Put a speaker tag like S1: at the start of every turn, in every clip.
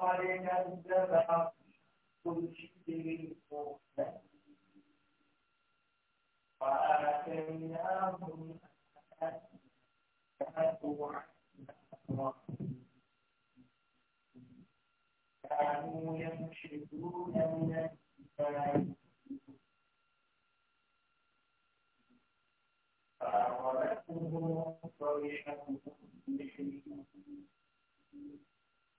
S1: فقد كذب كل شيء وآتيناهم كانوا ينشدون من الجبال فأخذتهم صيحة بشيء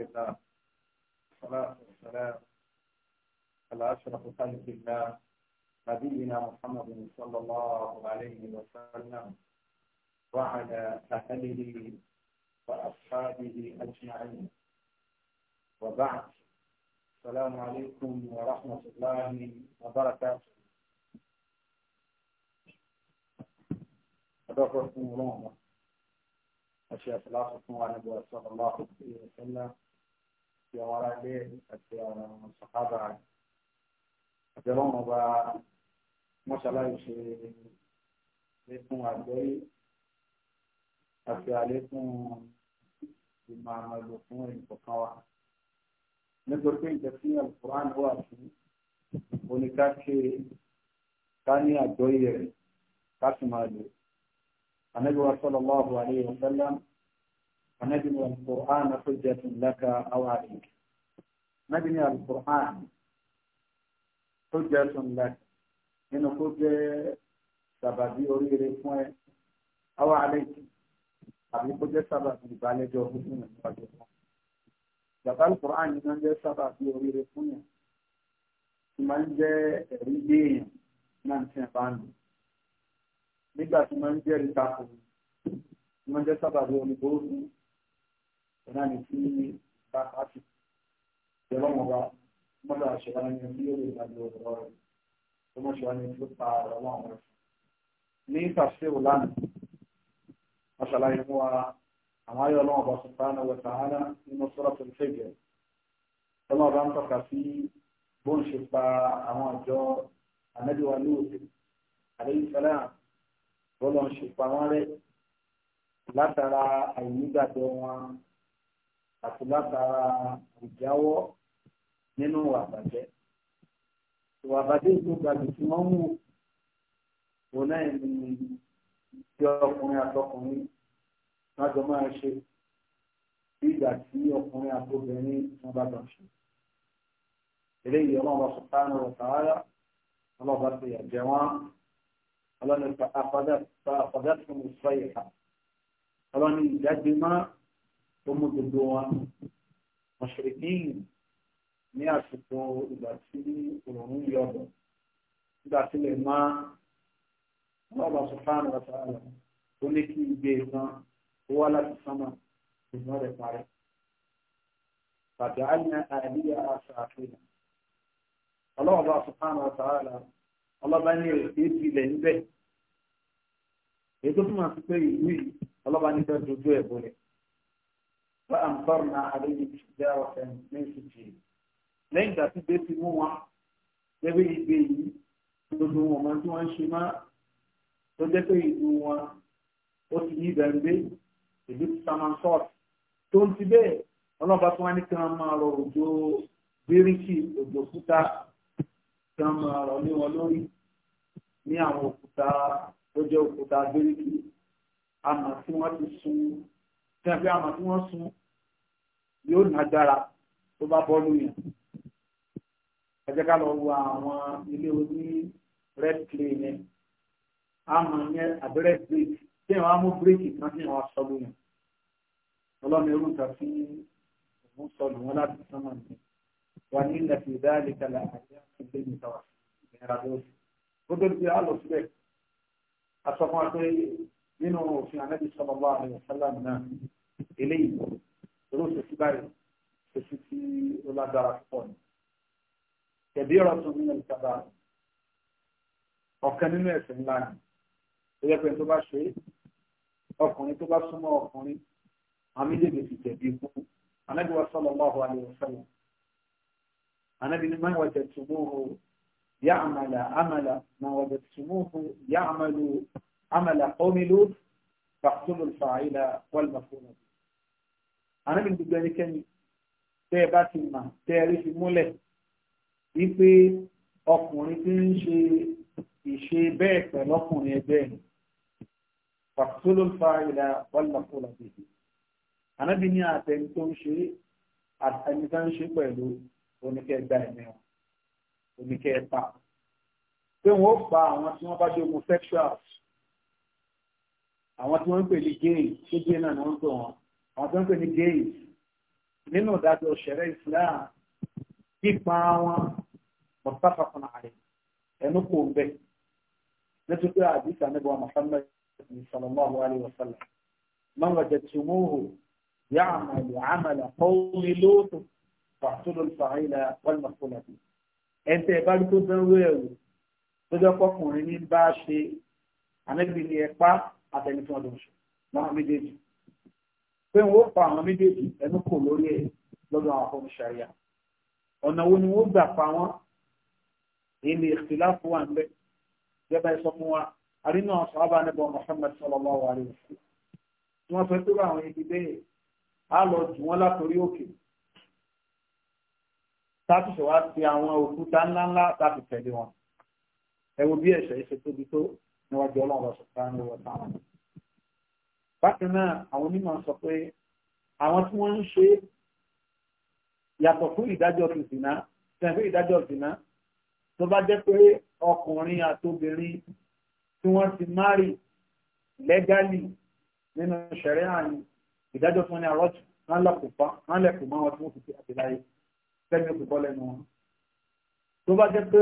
S1: الحمد والصلاة والسلام على أشرف خلق الله نبينا محمد صلى الله عليه وسلم وعلى أهله وأصحابه أجمعين وبعد السلام عليكم ورحمة الله وبركاته أدركم الله أشياء ثلاثة وعن صلى الله عليه وسلم àti àwọn ará ilé àti àwọn sàkábà àti ọlọ́run ọba mọ́ṣáláì ṣe lékún àgbọ́yé àti àlékún ìmọ̀ àwọn ẹ̀lò fún ìkọ̀kan wa. nítorí pé ìjọ sí alukur'an wà sí oníkàṣe ká ní àgbọ́yé rẹ̀ ká sì máa lò. ànábì wa sallallahu alayhi wa sallam. Ànábì القرآن alukur'an na hujja tun laka aw alayk Ànábì ní alukur'an hujja tun laka nínú kó jẹ́ sàbàbí oríire fún ẹ aw alayk àbí kó jẹ́ sábàbí ìbálẹ́jọ́ fún ìrìnàjò wọn. Bàbá Al-Qur'an yìí máa fún yàn. Ó máa ń jẹ́ ẹ̀rí lé náà tí a bá ń Nígbà tí máa ń jẹ́ ìtakò, ó máa ń jẹ́ sábàbí oríire fún ọ̀nà ni tí bàbá ti tẹ̀lọ́ wọn wá mọ́tò àṣẹwá ni tí yóò lè máa lo ọ̀rọ̀ rẹ̀ tó mọ̀ ṣẹwá ni tó pa ọ̀rọ̀ wọn rẹ̀. ní tàṣírò lánàá wọ́n ṣàlàyé fún wa àwọn ayọ̀ ọlọ́wọ́n bá subhanahu wa ta'ala nínú suratul Hijr ọlọ́wọ́n bá ń tọ́ka sí bó ń ṣe pa àwọn àjọ ànábìwá lóòtù alayhi salam bọ́lọ̀ àti látara ìjáwọ́ nínú àbàjẹ́. ìwà àbàjẹ́ tó gbàgbé tí wọ́n mú òun náà ní bí ọkùnrin àtọkùnrin lájọ máa ṣe bí ìgbà tí ọkùnrin àtọbìnrin wọn bá jọ ṣe. eléyìí ọlọ́run subhanahu wa ta'ala ọlọ́run bá ti yàjẹ́ wọn ọlọ́run afọ́dẹ́tùmù sọ ìhà ọlọ́run ìjáde máa. tó mú gbogbo wọn mọ̀ṣẹ̀kín ní àsìkò ìgbà tí òòrùn yọ̀bọ̀ nígbà tí lè má ọlọ́ọ̀bà sọ̀fáànù àtàlà ní kí igbe kan ó wá láti sánmà ìgbọ́n rẹ̀ parẹ́. Bàbá Alina Àdíyà àṣà àfihàn. Ọlọ́ọ̀bà sọ̀fáànù àtàlà ọlọ́ba ní èsì ilẹ̀ فأمطرنا عليهم حجارة من سجيل lẹ́yìn ìgbà tí bẹ́ẹ̀ ti mú wọn gẹ́gẹ́ ìgbé yìí gbogbo wọn máa tí wọ́n ń ṣe máa tó jẹ́ pé ìlú wọn ó ti yí ìdàgbé ìlú ti saman sọ́ọ̀t tó ń ti bẹ́ẹ̀ ọlọ́ba tí wọ́n ní kí wọ́n máa rọ òjò bíríkì òjò òkúta kí wọ́n máa rọ ní wọn lórí ní àwọn òkúta tó jẹ́ òkúta bíríkì àmọ́ tí wọ́n ti sun tẹ́gbẹ́ àmọ́ tí wọ́n sun yóò nágbára tó bá bọ́ lóyún ẹ jẹ́ ká lọ wo àwọn ilé oní red clay yẹn àmọ́ yẹn àbẹ́rẹ́ bíríkì tí wọ́n á mú bíríkì kan tí wọ́n sọ lóyún ọlọ́run irú nǹkan tí òun sọ lù láti sánmà ní wà ní ilẹ̀ tí ìdá àlekalẹ̀ àyà ìgbé mi tàwa ìgbéra ló sì ó tó di àlọ́ síbẹ̀ àsọkùn àti nínú òfin ànábì sallallahu alaihi wasallam náà eléyìí olóò ṣèṣì báyìí ṣèṣì tí ó lágbára púpọ̀ ni ẹ̀bí ọ̀rọ̀ tó nínú ìjọba ọ̀kan nínú ẹ̀sìn ńlá ni ó yẹ pé tó bá ṣe ọkùnrin tó bá súnmọ́ ọkùnrin àmì lè fi jẹ̀bi ikú anábì wa sallallahu alaihi wasallam anábì ní máa wàjẹ̀ tùmúhù ya'mala amala máa wàjẹ̀ tùmúhù ya'malu amala qawmi Lut faqtulul fa'ila wal ànábì gbogbo ẹnikẹ́ni tẹ́ ẹ bá ti mà tẹ́ ẹ rí fi múlẹ̀ wípé ọkùnrin tí ń ṣe ìṣe bẹ́ẹ̀ pẹ̀lú ọkùnrin ẹgbẹ́ ẹ̀ fàkútóló ń fa ìlà wàlúwàkúlà bèbè ànábì ní àtẹni tó ń ṣe àtẹni tó ń ṣe pẹ̀lú oníkẹ́gbà ẹ̀mẹ́wọ̀n oníkẹ́ẹ̀pà pé wọ́n pa àwọn tí wọ́n bá jẹ́ homosexuals àwọn tí wọ́n ń pè ní gay ṣé gay náà ni wọ́n ń pè wọ́n àwọn tó ń pè ní gays nínú ìdájọ́ ṣẹ̀rẹ́ Islam pípa wọn mọ̀tàfà kan àyè ẹnu kò ń bẹ̀ nítorí pé àdìsá níbi wa Muhammad sallallahu alayhi wa sallam man wajadtumuhu ya'malu 'amala qawmi Lut fa'tulu al-fa'ila wal-maf'ula bihi ẹ̀ńtẹ́ ìbálò tó dánwó ẹ̀rù tó jẹ́ kọkùnrin ní bá ṣe ànábì ní ẹ̀pá àtẹnitọ́ ọdún ṣe láwọn méjèèjì pé wọ́n pa àwọn méjèèjì ẹnu kò lórí ẹ̀ lọ́dọ̀ àwọn ọmọ ṣàríà ọ̀nà wo ni wọ́n gbà pa wọ́n èyí ni ìṣìláfù wà ń bẹ́ jẹ́bà ẹ̀sọ́ fún wa àrínà sàhábà níbọn Muhammad sallallahu alaihi wasallam tí wọ́n fẹ́ tó bá àwọn ibi bẹ́ẹ̀ á lọ jù wọ́n látòrí òkè tátùsọ wá ti àwọn òkúta ńláńlá láti tẹ̀lé wọn ẹ wo bí ẹ̀ṣẹ̀ ìṣètòbi tó níwájú ọlọ́run ọ̀sán táwọn ọ̀sán táwọn ọ̀sán bákan náà àwọn onímọ̀ sọ pé àwọn tí wọ́n ń ṣe yàtọ̀ fún ìdájọ́ ti zìnà tẹ̀lé ìdájọ́ zìnà tó bá jẹ́ pé ọkùnrin àtobìnrin tí wọ́n ti márì lẹ́gálì nínú ṣẹ̀rẹ́ àyìn ìdájọ́ fún ní àrọ́jù wọ́n lẹ̀kùn mọ́ wọn tí wọ́n ti fi àtìláyé tẹ́lẹ̀ kò lẹ́nu wọn tó bá jẹ́ pé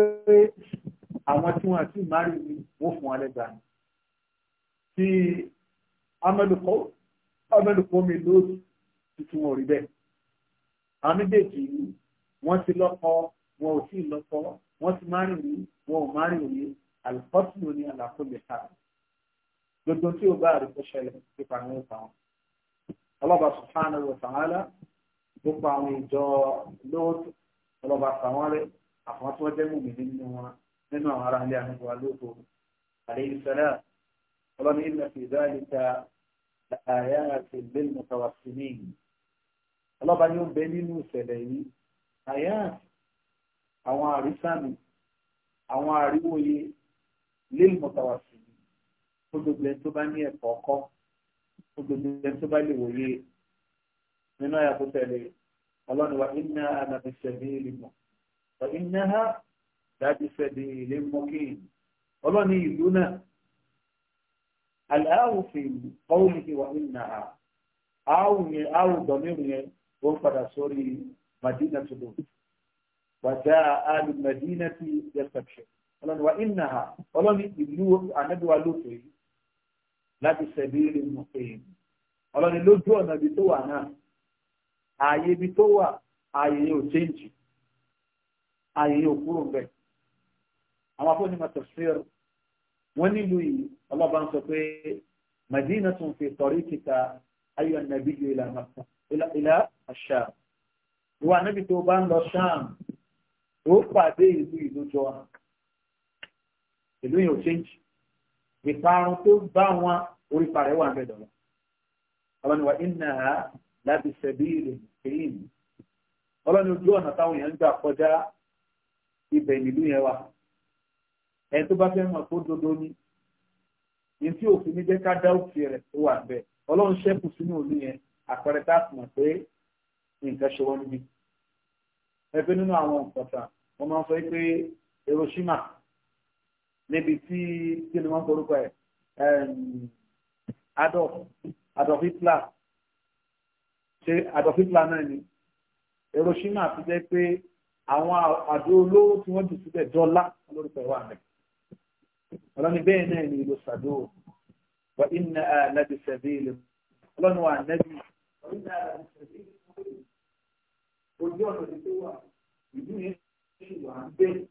S1: àwọn tí wọ́n ti márì ni wọ́n fún wọn lẹ́gbàá tí amẹ́lùkọ́ amẹ́lùkọ́ mi lóòtù tuntun wọn rí bẹ́ẹ̀. àmì bèjì yìí wọ́n ti lọ́kọ wọn ò tí ì lọ́kọ wọ́n ti márìn rí wọn ò márìn rí àlùkọ́sùn ní àlàfo lè ta. gbogbo tí o bá àrùkọ ṣẹlẹ̀ nípa àwọn ìpa wọn. ọlọ́ba subhanahu wa ta'ala gbogbo àwọn ìjọ lóòtù ọlọ́ba sàwọn àwọn tí wọ́n jẹ́ mùmí nínú wọn nínú àwọn ará ilé àníbọ̀ alóòtù àlẹ́ ìṣẹ̀lẹ̀ ọlọ́ni ìlẹ̀ fi ìdá àyàtì lẹ́nu mọ̀tàwàsímì ọlọ́ba yóò bẹ nínú ìṣẹ̀lẹ̀ yìí àyàtì àwọn àrísàmì àwọn àríwòye na mọ̀tàwàsímì tó gbogbo ẹni tó bá ní ẹ̀kọ́ ọkọ́ tó gbogbo ẹni tó bá lè wòye aláwò fi kọ́wùlì fi wà nínú nàá áwù yẹn áwù dọ̀míìrù yẹn ó ń padà sórí madina tó lò wàjá àlù madina ti deception ọlọ́ni wà nínú nàá ọlọ́ni ìlú anábíwá lóto yìí láti sẹ̀bí rẹ̀ mọ̀ èyí ọlọ́ni lójú ọ̀nà ibi tó wà náà ààyè ibi tó wà ààyè yẹn change ààyè yẹn kúrò bẹ́ẹ̀ àwọn afọ́nimọ̀ tẹ̀síọ̀rọ̀ wọ́n nílùú yìí ọlọ́ba ń sọ pé madina tún fi sọ̀rí kíta ayọ̀ nàbí ju ilà àṣà ìwà níbi tó bá ń lọ ṣáàm ó pàdé ìlú ìlójọ ìlú yìí ò ṣéǹjì ìparun tó bá wọn orí parẹ́ wà ń bẹ̀ dọ̀la iná láti ṣẹ̀bí ilé kéyìn ọlọ́ni ojú ọ̀nà táwọn èèyàn ń gbà kọjá ibẹ̀ nílùú yẹn wà ẹni tó bá fẹ́ mọ̀ kó dodo ni ní tí òfin ní jẹ́ ká dá òkè rẹ̀ tó wà bẹ́ẹ̀ ọlọ́run ṣẹ́kù sínú òní yẹn àpẹẹrẹ tá a mọ̀ pé nǹkan ṣe wọ́n níbi ẹgbẹ́ nínú àwọn ọ̀pọ̀ta wọ́n máa ń sọ pé Hiroshima níbi tí kí ni wọ́n forúkọ ẹ̀ Adolf Adolf Hitler ṣe Adolf Hitler náà ni Hiroshima ti jẹ́ pé àwọn àdó olówó tí wọ́n jù síbẹ̀ dọ́là lórúkọ ìwà rẹ̀ ولن يبين أني لصدوق وإن آل بسبيل ولن هو النبي وإن آل بسبيل كل يوم الدواء بدون يشيء عن بيت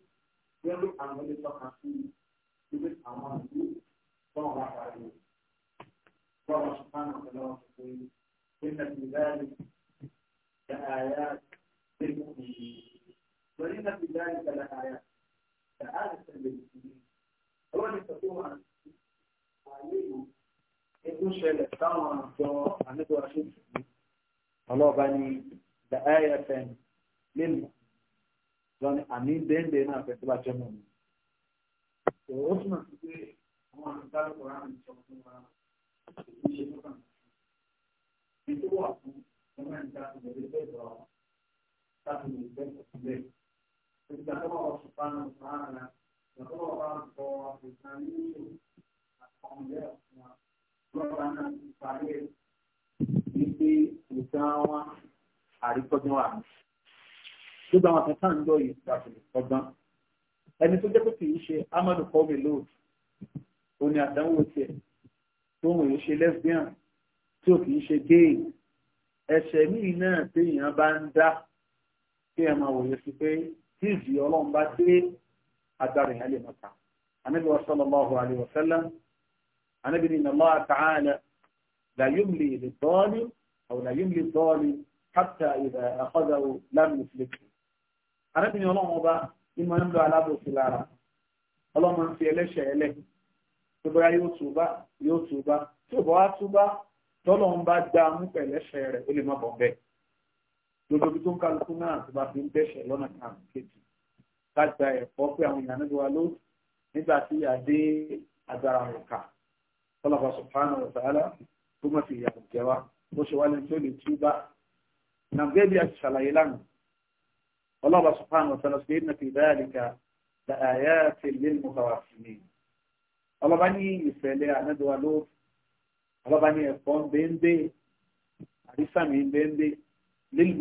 S1: يقول عن ملي فخصي يقول عن ملي فهو رفع عليه فهو سبحانه وتعالى إن في ذلك كآيات للمؤمنين وإن في ذلك لآيات كآيات للمؤمنين wọ́n ní sọ pé na àyè ìlú ẹgbẹ́ ṣẹlẹ̀ táwọn àjọ àlejò aṣojú ọlọ́ọ̀bá ní the afm nínú wọn ni àmì bẹ́ẹ̀ndẹ̀ náà fẹ́ tó bá jẹ́ mọ́ mi. ó túmọ̀ sí pé àwọn àgbàlùkọ̀ rà mí sọ fún nke èyí ṣe tó kàn. ètò wà fún ọmọ ìjà ìbẹ̀rẹ̀ bẹ́ẹ̀ lọ láti lè lọ́wọ́ bá ń sọ àfihàn nínú àkọọ́lẹ̀ ọ̀sán lọ́wọ́ gbogbo àwọn kan ń lọ yìí pàtàkì ọgbọ́n ẹni tó jẹ́ pé kì ṣe amadu kọ́mi lóòtù ó ní àdánwò tiẹ̀ tó ń ṣe lesbian tí ò kì ṣe gay ẹ̀ṣẹ̀ míì náà téèyàn bá ń dá kéèyàn máa wòye sí pé tí ọlọ́run bá dé agbára ìyálé mọ́ta anábì wa sallallahu alayhi wa sallam anábì ní Allah ta'ala la yumli lidh-dhalim aw la yumli lidh-dhalim hatta idha akhadhahu lam yuflithu anábì ní ọlọ́run ọba ìmọ̀ ń lọ alábòsí lára ọlọ́run fi ẹlẹ́ṣẹ̀ ẹlẹ́ tó bá yóò túbá yóò túbá tí ò bá wá túbá tọ́lọ̀ ń bá dá mú pẹ̀lẹ́ṣẹ̀ rẹ̀ ó lè má bọ̀ bẹ́ẹ̀ lójoojúmọ́ kálukú náà tó bá fi ń dẹ́ṣẹ̀ lọ́nà kan kéjì ká gba ẹ̀kọ́ pé àwọn èèyàn níbi wa ló nígbà tí adé agbára rẹ̀ kà tọ́lọ́ba subhanahu wa ta'ala tó mọ̀ sí ìyàwó jẹ wa bó ṣe wá ní tó lè túbà nàgbé bí a ti ṣàlàyé lánàá ọlọ́ba subhanahu wa ta'ala ṣe é nàfi dhalika la ayatin lil mutawassimin ọlọ́ba ní ìfẹ̀lẹ́ ànágbéwa ló ọlọ́ba ní ẹ̀kọ́ ń bẹ́ńbẹ́ àdísàmì ń bẹ́ńbẹ́ lil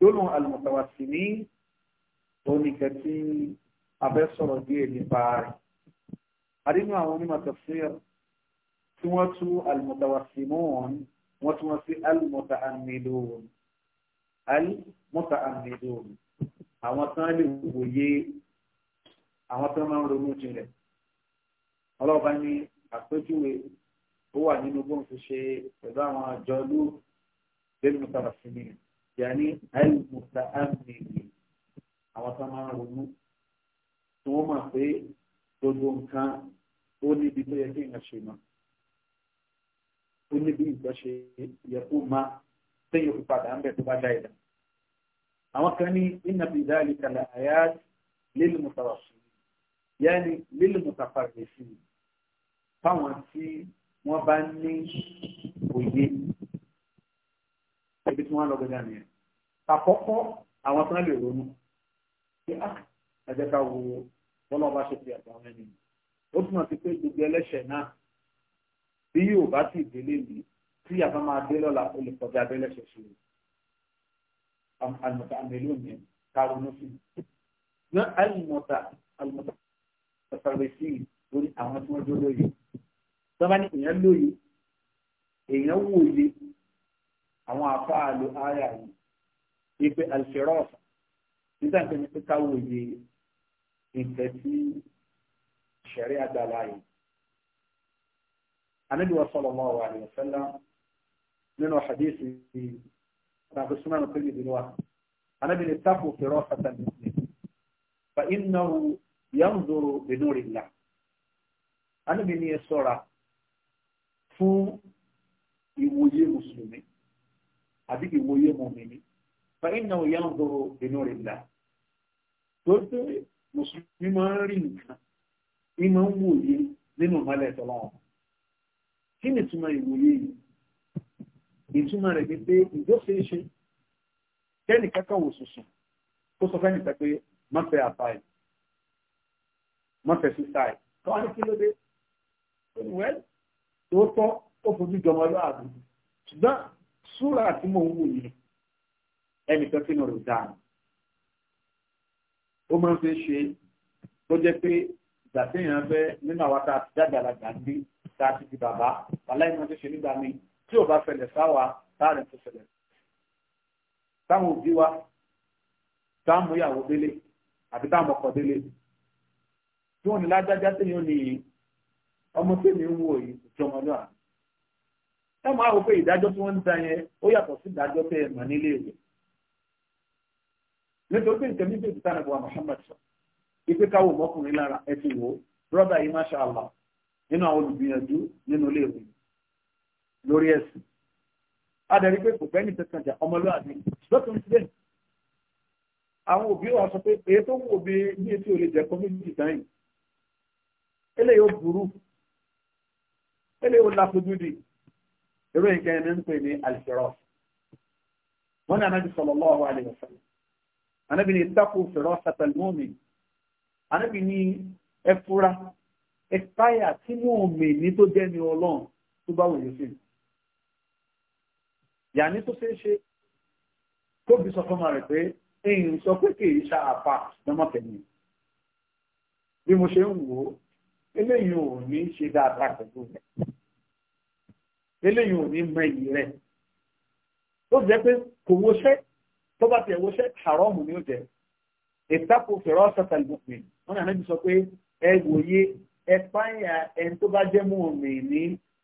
S1: gbólóhùn àlùmọ̀tàwàsímí oníkẹ́ tí a fẹ́ sọ̀rọ̀ díẹ̀ nípa rẹ̀. àdínú àwọn onímọ̀ tafsir tí wọ́n tú àlùmọ̀tàwàsímọ́ọ̀n wọ́n tún wọ́n sí àlùmọ̀tàánìlóhùn àlùmọ̀tàánìlóhùn àwọn tán lè wòye àwọn tán máa ń ronú jinlẹ̀. ọlọ́ọ̀bá ní àpéjúwe ó wà nínú bóun ti ṣe pẹ̀lú àwọn àjọ yàní àìmùsà àmìlì àwọn tó máa ń ronú tí wọ́n mọ̀ pé gbogbo nǹkan ó níbi tó yẹ kí èèyàn ṣe mọ̀ ó níbi nǹkan ṣe yẹ kó máa téèyàn fi padà ń bẹ̀ tó bá dá ìdá. àwọn kan ní ìnàbí ìdáàlì kalẹ̀ àyà lílùmùtàwàsí yàní lílùmùtàfàgẹ̀sì fáwọn tí wọ́n bá ní òye ibi tí wọ́n lọ gbẹdá nìyẹn àkọ́kọ́ àwọn tán lè ronú pé á ah, ẹ̀jẹ̀ ká wo bọ́lá ọba ṣe fi àtàwọn ẹni nù ó túmọ̀ sí pé gbogbo ẹlẹ́ṣẹ̀ náà bí yóò bá sì délé mi tí yàtọ̀ máa dé lọ́la ó lè kọjá abẹ́lẹ́ṣẹ̀ ṣe àlùmọ̀tà àmẹ́lò yẹn ká ronú sí i ní àlùmọ̀tà àlùmọ̀tà ọ̀sàrẹ̀ sí i lórí àwọn tí wọ́n jó lóye tí wọ́n bá ní èèyàn lóye èèyàn wòye àwọn àfáà lo ara yìí ipe alfirọ́ọ̀sì nígbà tó ní pé káwọ́ òye nǹkan tí ṣẹ̀rí àgbàlá yìí. Ànábì wa sallallahu alaihi wa sallam nínú hadisi tàbí súnmọ́ pé lè dúró wa. Ànábì ní tápò firọ́ọ̀sì tàbí ìsìn. Fa innahu yanzuru bi nurillah. Ànábì ní ẹ sọ́ra fún ìwòye Mùsùlùmí àbí ìwòye mùmìnì. فإنه ينظر بنور الله تقول مسلمي ما رينك إما مولي nínú ìmọ́lẹ̀ tọ́lọ́wọ́ kí ni túnmọ̀ ìwòye yìí ìtumọ̀ rẹ̀ ní pé ìjọ́sẹ̀ẹ́ṣe kẹ́ni kẹ́kọ̀ọ́ òṣùṣùn tó sọ fẹ́ni pẹ́ pé mọ́fẹ́ àfáì mọ́fẹ́ sísáì tó wá ní kí ló dé wẹ́l tó tọ́ ó fojú jọmọ lọ́àbù ṣùgbọ́n súrà tí mo ń wò yìí ẹnìkan sínú rẹ̀ dáa ó máa ń fi ṣe tó jẹ́ pé ìgbà téèyàn fẹ́ nínú àwa tá a ti jáde àlàgbà ní tá a ti di bàbá aláì máa ń ṣe nígbà míì tí ò bá fẹlẹ̀ sáwà táàrin tó fẹlẹ̀ táwọn òbí wa táàmù ìyàwó délé àbí táàmù ọkọ délé tí wọn ní ládájá téèyàn ní ọmọ tèmi ń wò yìí ìjọ ọmọ náà ẹ máa wò pé ìdájọ́ tí wọ́n ń da yẹn ó yàtọ̀ sí ìdájọ́ tẹ́ ẹ mọ̀ nílé ìwé nítorí pé nǹkan níbi ìdíta nàbọ̀ Muhammad sọ ipe káwọ mọkùnrin lára ẹ ti wò ó brọdà yìí masha Allah nínú àwọn olùgbìyànjú nínú ilé ìwé lórí ẹ̀sìn adẹ̀rí pé kò bẹ́ẹ̀ ní kankan jà ọmọlúwàbí lọ́tún ti bẹ́ẹ̀ àwọn òbí wa sọ pé èyí tó ń wò bí ní etí ò lè jẹ́ kó eléyìí ó burú eléyìí ó láfojú di eré nǹkan ẹni ń pè ní àlìfẹ́rọ̀ wọn ní anájú sallallahu alaihi wasallam anábì ní ìtàkù fẹ̀rọ sàtàlmọ́mì anábì ní ẹfura ẹ̀fáyà tí mọ́ọ̀mì ní tó jẹ́ ní ọlọ́run tó bá wòye sí yàní tó ṣeé ṣe tóbi sọ fọmọ rẹ pé èèyàn sọ pé kì í ṣe àpá lọ́mọkẹ́ni bí mo ṣe ń wò ó eléyìí ò ní ṣe dáadáa pẹ̀lú rẹ̀ eléyìí ò ní mọ iyì rẹ̀ tó jẹ́ pé kò tó bá ti ẹ̀wọ́ ṣe haramu ni ó jẹ́ ìtàkùn fẹ̀rọ ṣàtà ìmọ̀pẹ̀ wọn náà níbi sọ pé ẹ wòye ẹ páyà ẹni tó bá jẹ́ mùmí ní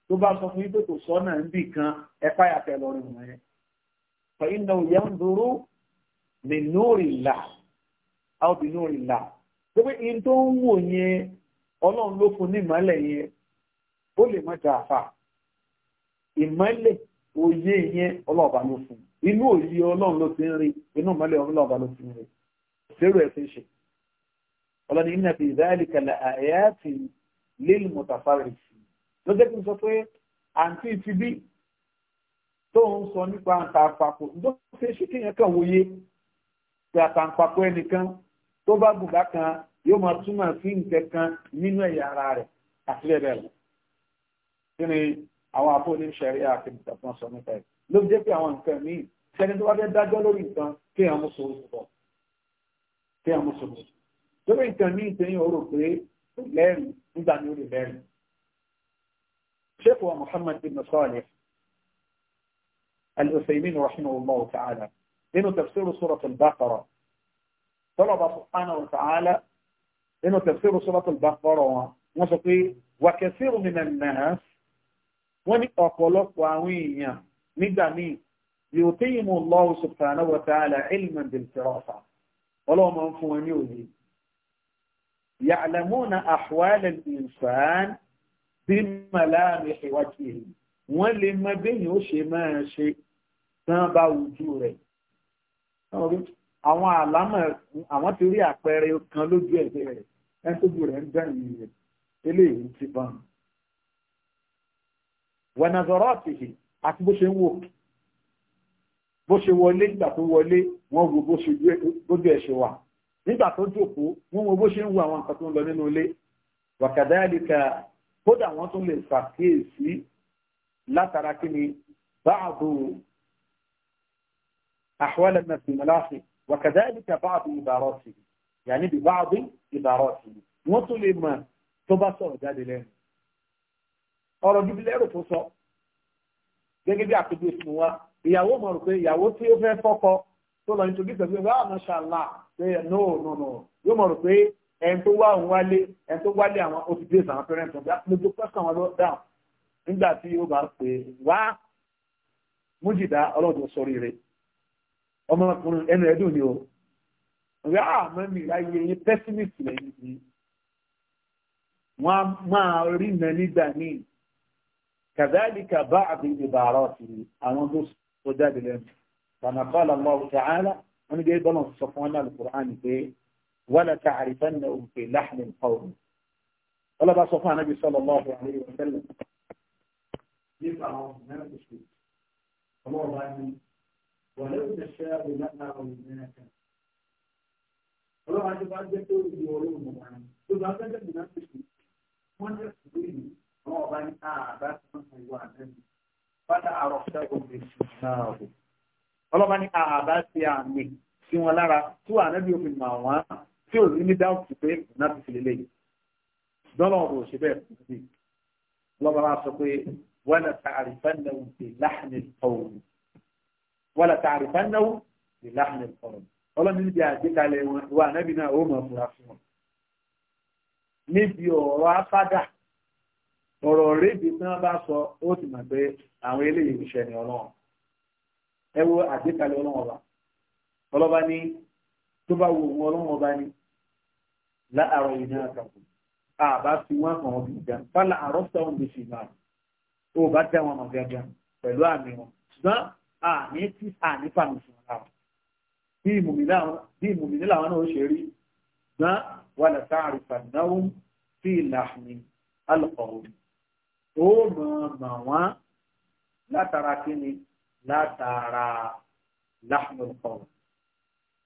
S1: tó bá sọ fún yín pé kò sọ́nà níbì kan ẹ páyà fẹ́ lọ rìn wọ̀nyẹn. fẹ̀yìn náà yẹ ń dúró mi nóòrì là á tó pé in tó ń wò yẹn ọlọ́run ló fún ní ìmọ̀lẹ̀ yẹn ó lè mọ̀ jà àfà ìmọ̀lẹ̀ òye yẹn ọlọ́ọ̀bá ló fún inú òye ọlọ́run ló ti ń rí inú mọ́lẹ̀ ọlọ́ọ̀bá ló ti ń rí ṣérò ẹ̀ ti ń ṣe ọlọ́ni inna fi dhalika la ayatin lil mutafarrisin ló jẹ́ kí n sọ pé àǹtí ti bí tó ń sọ nípa àǹtà àpapọ̀ ló ṣe ṣe kéèyàn kàn wòye pé àǹtà àpapọ̀ ẹnìkan tó bá gùn kan yóò máa túmọ̀ sí nǹkan kan nínú ẹ̀yà ara rẹ̀ àti bẹ́ẹ̀ bẹ́ẹ̀ lọ kí ni àwọn àpò oníṣẹ́rí àti ìtàkùn sọ nípa ẹ̀ ló jẹ́ pé àwọn nǹkan míì sẹ́ni tó wá fẹ́ dájọ́ lórí nǹkan kí àwọn mú sòrò sùpọ̀ kí àwọn mú sòrò sùpọ̀ lórí nǹkan míì tẹ́yìn ó rò pé kò lẹ́rìn nígbà ní ó lè lẹ́rìn Sheikh wa Muhammad ibn Salih Al-Uthaymin rahimahullah ta'ala nínú tafsiru surat al-Baqara طلب سبحانه وتعالى nínú tafsiru surat al-Baqara wọ́n sọ pé wàkẹ́sìrù min an-nas wọ́n ní ọ̀pọ̀lọpọ̀ àwọn èèyàn nígbà míì yuqimu Allahu subhanahu wa ta'ala ilman bil firasa ọlọ́run máa ń fún wọn ní òye ya'lamuna ahwal al-insan bí màláàmì ìwájú èyí wọ́n lè mọ béèyàn ó ṣe máa ṣe tán bá ojú rẹ̀ àwọn àlámọ̀ àwọn ti rí àpẹẹrẹ kan lójú ẹ̀jẹ̀ rẹ̀ ẹ̀ńtójú rẹ̀ ń dẹ̀yìn rẹ̀ eléyìí ti bá wọn. wọnàzọrọ àti bó ṣe ń wò bó ṣe wọlé nígbà tó wọlé wọ́n wo bó ṣe lójú ẹ̀ ṣe wà nígbà tó jókòó wọ́n wo bó ṣe ń wo àwọn nǹkan tó ń lọ nínú ilé wàkàdáyàdìkà kódà wọ́n tún lè ṣàkíyèsí látara kí ni báàbò àhwálẹ̀ nàfi mọ́láṣí wàkàdáyàdìkà báàbò ìbàrọ̀ sí yàní bí báàbò ìbàrọ̀ sí wọ́n tún lè mọ̀ tó bá sọ̀rọ̀ jáde lẹ́nu ọ̀rọ̀ bíbélẹ́rù tó sọ gẹ́gẹ́ bí àpèjì fún wa ìyàwó mọ̀ rò pé ìyàwó tí ó fẹ́ fọ́kọ tó lọ nítorí ìgbàgbé wa mashallah ṣe no no no yóò mọ̀ rò pé ẹni tó wá òun wálé ẹni tó wálé àwọn òfìdíèsì àwọn parents ọ̀gá lójú pẹ́sàn wọn ah, ló dáhùn nígbà tí ó bá pè wá mújìdá ọlọ́dún sọrí rẹ̀ ọmọkùnrin ẹnu ẹ̀dùn ni o ọ̀gá àmọ́ ah, mi láyé yín pessimist lẹ́yìn yìí wọ́n máa rí nà nígbà míì كذلك بعض عباراته أنا ندوس قداد كما قال الله تعالى أنا جاي بلان صفوانا القرآن في ولا تعرفنهم في لحن القوم ولا بقى صفوان النبي صلى الله عليه وسلم ولو تشاء لنا أو لنا كان ولو عجب أن يكون يورون مبعنا تبعنا جدنا تشكي وانا يكون wọn ọba ní àbá ah, tó ń wà lẹ́nu fada àròkẹ́ omi náà rò ọlọ́ba ní àbá ah, ti àmì sí wọn lára tí wà lẹ́nu omi mà wọ́n tí ò ní dáhùn pé náà ti fi lélẹ́yìn dọ́là ọ̀rọ̀ òṣè bẹ́ẹ̀ fún mi lọ́ba wa sọ pé wọ́n lè tààrífẹ́ náà bí láhìnì ọ̀hún wọ́n lè tààrífẹ́ náà bí láhìnì ọ̀hún ọlọ́ni níbi àgbékalẹ̀ wọn wà nábì náà ó mọ̀ fúra fún wọn níbi ọ̀rọ̀ afádà ọ̀rọ̀ rébi tí wọ́n bá sọ ó ti mọ̀ pé àwọn eléyìí iṣẹ́ ni ọlọ́run ẹ wo àgbékalẹ̀ ọlọ́run ọba ọlọ́ba ní tó bá wo òun ọlọ́run ọba ní láàárọ̀ yìí ní àkàkùn àbá fi wọ́n hàn ọ́ bìí gan fálà àrọ́sọ òun bèsì máa ó bá dá wọn mọ̀ gángan pẹ̀lú àmì wọn ṣùgbọ́n àní tí àní fàmì fún wọn bí ìmùmí nílà wọn náà ó ṣe rí ṣùgbọ́n wàlẹ̀ sáà àrùfà náà ó fi ìlànà alùpàá òun ó mọ̀ mọ̀ wọ́n látara kíni látara láhùn kọ̀ọ̀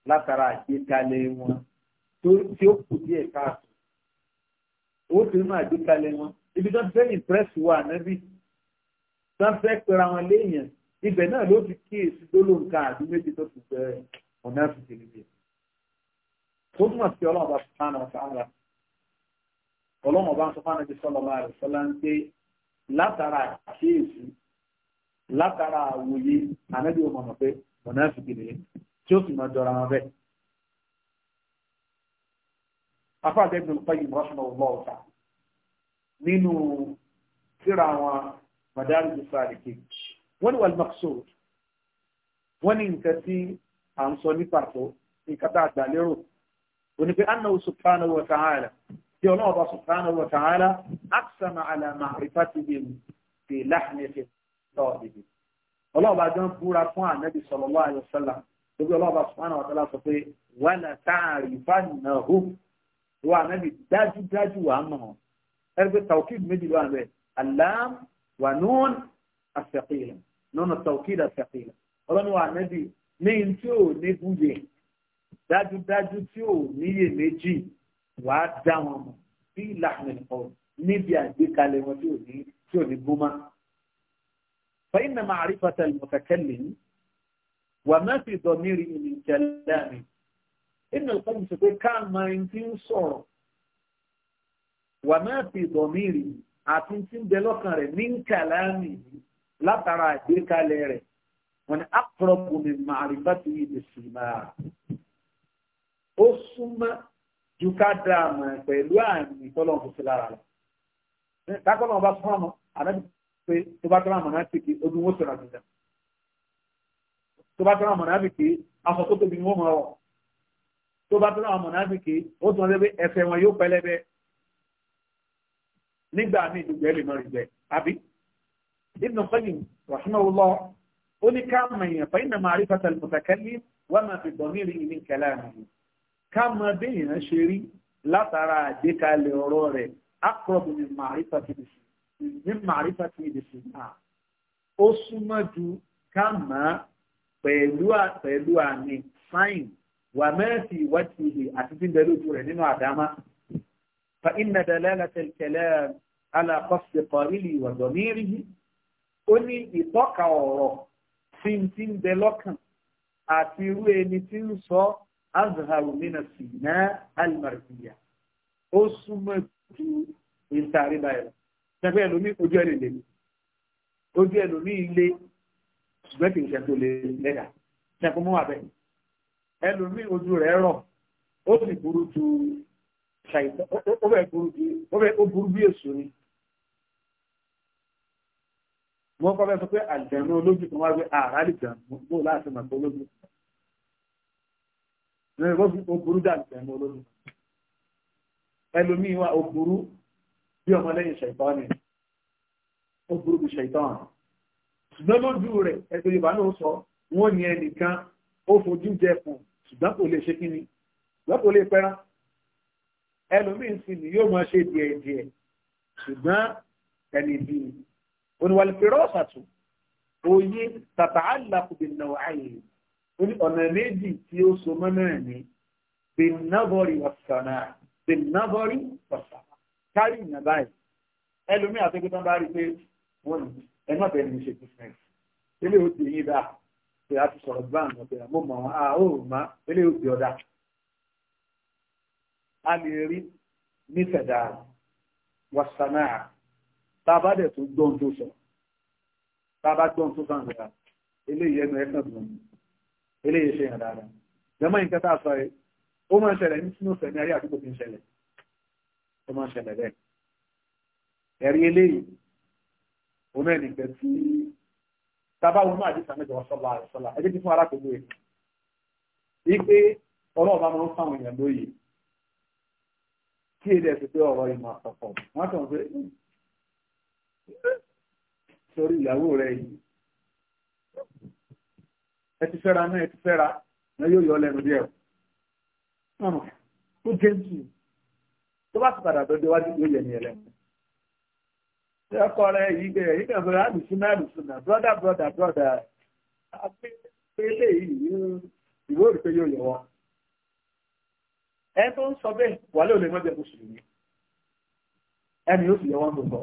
S1: látara àgbékalẹ̀ wọn tí ó kù díẹ̀ káàtó ó ti mú àgbékalẹ̀ wọn ibi tó ń fẹ́ ìpírẹ́sì wa ànábì tó ń fẹ́ pera wọn léèyàn ibẹ̀ náà ló ti kíyèsí gbólóǹkà àbí méjì tó ti bẹ̀rẹ̀ ọ̀nà àfìsè níbi tó túmọ̀ sí ọlọ́run bá ọ̀sán ọlọ́run bá sọ fún àwọn ọ̀sán ọlọ́run bá sọ látara àkíyèsí látara àwòye ànábì wọn mọ̀ pé mọ̀nàfíkì nìyẹn tí ó sì máa jọra wọn bẹ́ẹ̀. afáàdé ibn Qayyim rahimahullah ọ̀tá nínú síra àwọn Madarij Salikin wọ́n ní wal maqsud wọ́n ní nǹkan tí à ń sọ ní pàtó nǹkan tá a gbà lérò onípe annahu subhanahu wa ta'ala tí ọlọ́run bá subhanahu wa ta'ala aksama ala ma'rifatihim fi láhìní fi tọ́ ìdí. ọlọ́run bá jọ ń búra fún ànábì sallallahu alaihi wasallam tóbi ọlọ́run bá subhanahu wa ta'ala sọ pé wala ta'rifannahum wọ ànábì dájúdájú wà á mọ̀ ẹgbẹ́ tawkid méjì ló wà ń bẹ̀ alam wa nun asẹ̀kìlẹ̀ nínú tawkid asẹ̀kìlẹ̀ ọlọ́run wà ànábì ní tí ò ní wà á dá wọn mọ̀ bí ìlànà ìkọ̀ níbi àgbékalẹ̀ wọn tí ò ní tí ò ní gbómá. fẹ́yìn náà máa rí pátá ìmọ̀kẹ́kẹ́lẹ̀ ní wà má fi dọ̀mírí ìlú ìjẹ́lẹ̀ mi. ìnà ìkọ́ mi sọ pé ká ń fi ń sọ̀rọ̀ wà má fi dọ̀mírí àti ti ń bẹ lọ́kàn rẹ̀ ní kàlámì látara àgbékalẹ̀ rẹ̀ wọ́n ní àpọ̀rọ̀pù mi máa ti yí ìdè sí máa. ó súnmọ́ ju ká dá àmọ̀ pẹ̀lú àmì tọ́lọ́run fòfin lára lọ. Kákọ́lọ́ ọba fún ọmọ àdájú pé tó bá tọ́lá àmọ̀ náà ti kí ojú wọn sọ̀rọ̀ àgbẹ̀dá. Tó bá tọ́lá àmọ̀ náà bì kí aṣọ tó tóbi ni wọ́n máa wọ̀. Tó bá tọ́lá náà bì kí ó tún ọdẹ pé ẹsẹ̀ wọn yóò pẹlẹbẹ. Nígbà míì dùgbẹ́ lè mọ ìgbẹ́ àbí. Ibn Qayyim rahimahullah ó ní ká mọ̀ èèyàn fẹ́ ká mọ béèyàn ṣe rí látara àgbékalẹ̀ ọ̀rọ̀ rẹ̀ akọ̀rọ̀bù ní màrífà ti ìdìsí náà ó súnmọ́ ju ká mọ̀ pẹ̀lú àmì sáìn wà mẹ́rẹ̀sì ìwádìí ìdè àti bíbẹ̀ lójú rẹ̀ nínú àdámá fa inna dalalata al-kalam ala qasdi qa'ili wa ó ní ìtọ́ka ọ̀rọ̀ tí ń bẹ lọ́kàn àti irú ẹni tí ń sọ ọ́ azharu mina sina almarbiya ó súnmọ́ ju ìtàrí báyìí lọ ṣẹfẹ́ ẹlòmí ojú ẹ̀ lè mi ojú ẹlòmí ilé ṣùgbọ́n kì í ṣe tó lè lẹ́dà ṣẹfún mú abẹ ẹlòmí ojú rẹ̀ rọ̀ ó sì burú ju ṣàìtọ́ ó bẹ̀ burú ju ó bẹ̀ ó burú bí èso ni wọ́n kọ́ bẹ́ẹ̀ sọ pé àjẹ̀nú olójú kan wá gbé àrálìjẹ̀ mọ́ láti mọ̀ pé olójú kan òbúrú dàbí ẹ̀mọ́ olómi ẹlòmíì wa òbúrú bí ọmọlẹ́yìn ṣẹ̀tọ́ ni òbúrú bí ṣẹ̀tọ́ ṣùgbọ́n lójú rẹ̀ ẹ̀tọ́ Yorùbá náà sọ wọ́n ní ẹnìkan ó fojú jẹ fún ṣùgbọ́n kò lè ṣe kí ni ṣùgbọ́n kò lè pẹ́rán ẹlòmíì sì ni yóò máa ṣe díẹ̀díẹ̀ ní ọ̀nà méjì tí ó so mọ́ náà ní bìnnábọ̀rì ọ̀sánà bìnnábọ̀rì ọ̀sánà kárí ìyàn báyìí ẹlòmíì àti pípọ́n bá rí pé wọ́n ní ẹ má bẹ̀rẹ̀ ní ṣe business ilé òbí yín dá pé a ti sọ̀rọ̀ brand ọ̀bẹ̀ mo mọ̀ wọn a ó má ilé òbí ọ̀dà a lè rí nífẹ̀dà wàsánà tá a bá dẹ̀ tó gbọ́n tó sọ tá a bá gbọ́n tó sàn eléyìí ṣe yàn dáadáa jẹmọ́ nǹkan tá a sọ yìí ó máa ń ṣẹlẹ̀ ní sínú sẹ̀mí ayé àdúgbò fi ń ṣẹlẹ̀ ó máa ń ṣẹlẹ̀ bẹ́ẹ̀ ẹ̀rí eléyìí òun náà nìkan tí tábà wọn máa dìtà mẹ́jọ sọlá àìsọlá ẹjẹ tí fún arákùnrin rẹ yìí pé ọlọ́ọ̀bá máa ń fáwọn èèyàn lóye kí èdè ẹ̀sìn pé ọ̀rọ̀ ìmọ̀ àkọ́kọ́ wọ́n kàn ń pé hmm, sórí ìyàwó rẹ yìí ẹ ti fẹ́ra náà ẹ ti fẹ́ra náà yóò yọ lẹ́nu díẹ̀ ó jẹ́ jù tó bá sì padà dọ́dẹ́ wájú yóò yẹ ní ẹlẹ́nu ẹkọ rẹ yìí bẹ yìí bẹ fẹ alùsùnà alùsùnà brọdà brọdà brọdà apẹlẹ yìí ìwé òrùpẹ yóò yọ wọn ẹ tó ń sọ bẹ́ẹ̀ wà lóòlẹ mọbẹ mùsùlùmí ẹni yóò sì yọ wọn tó sọ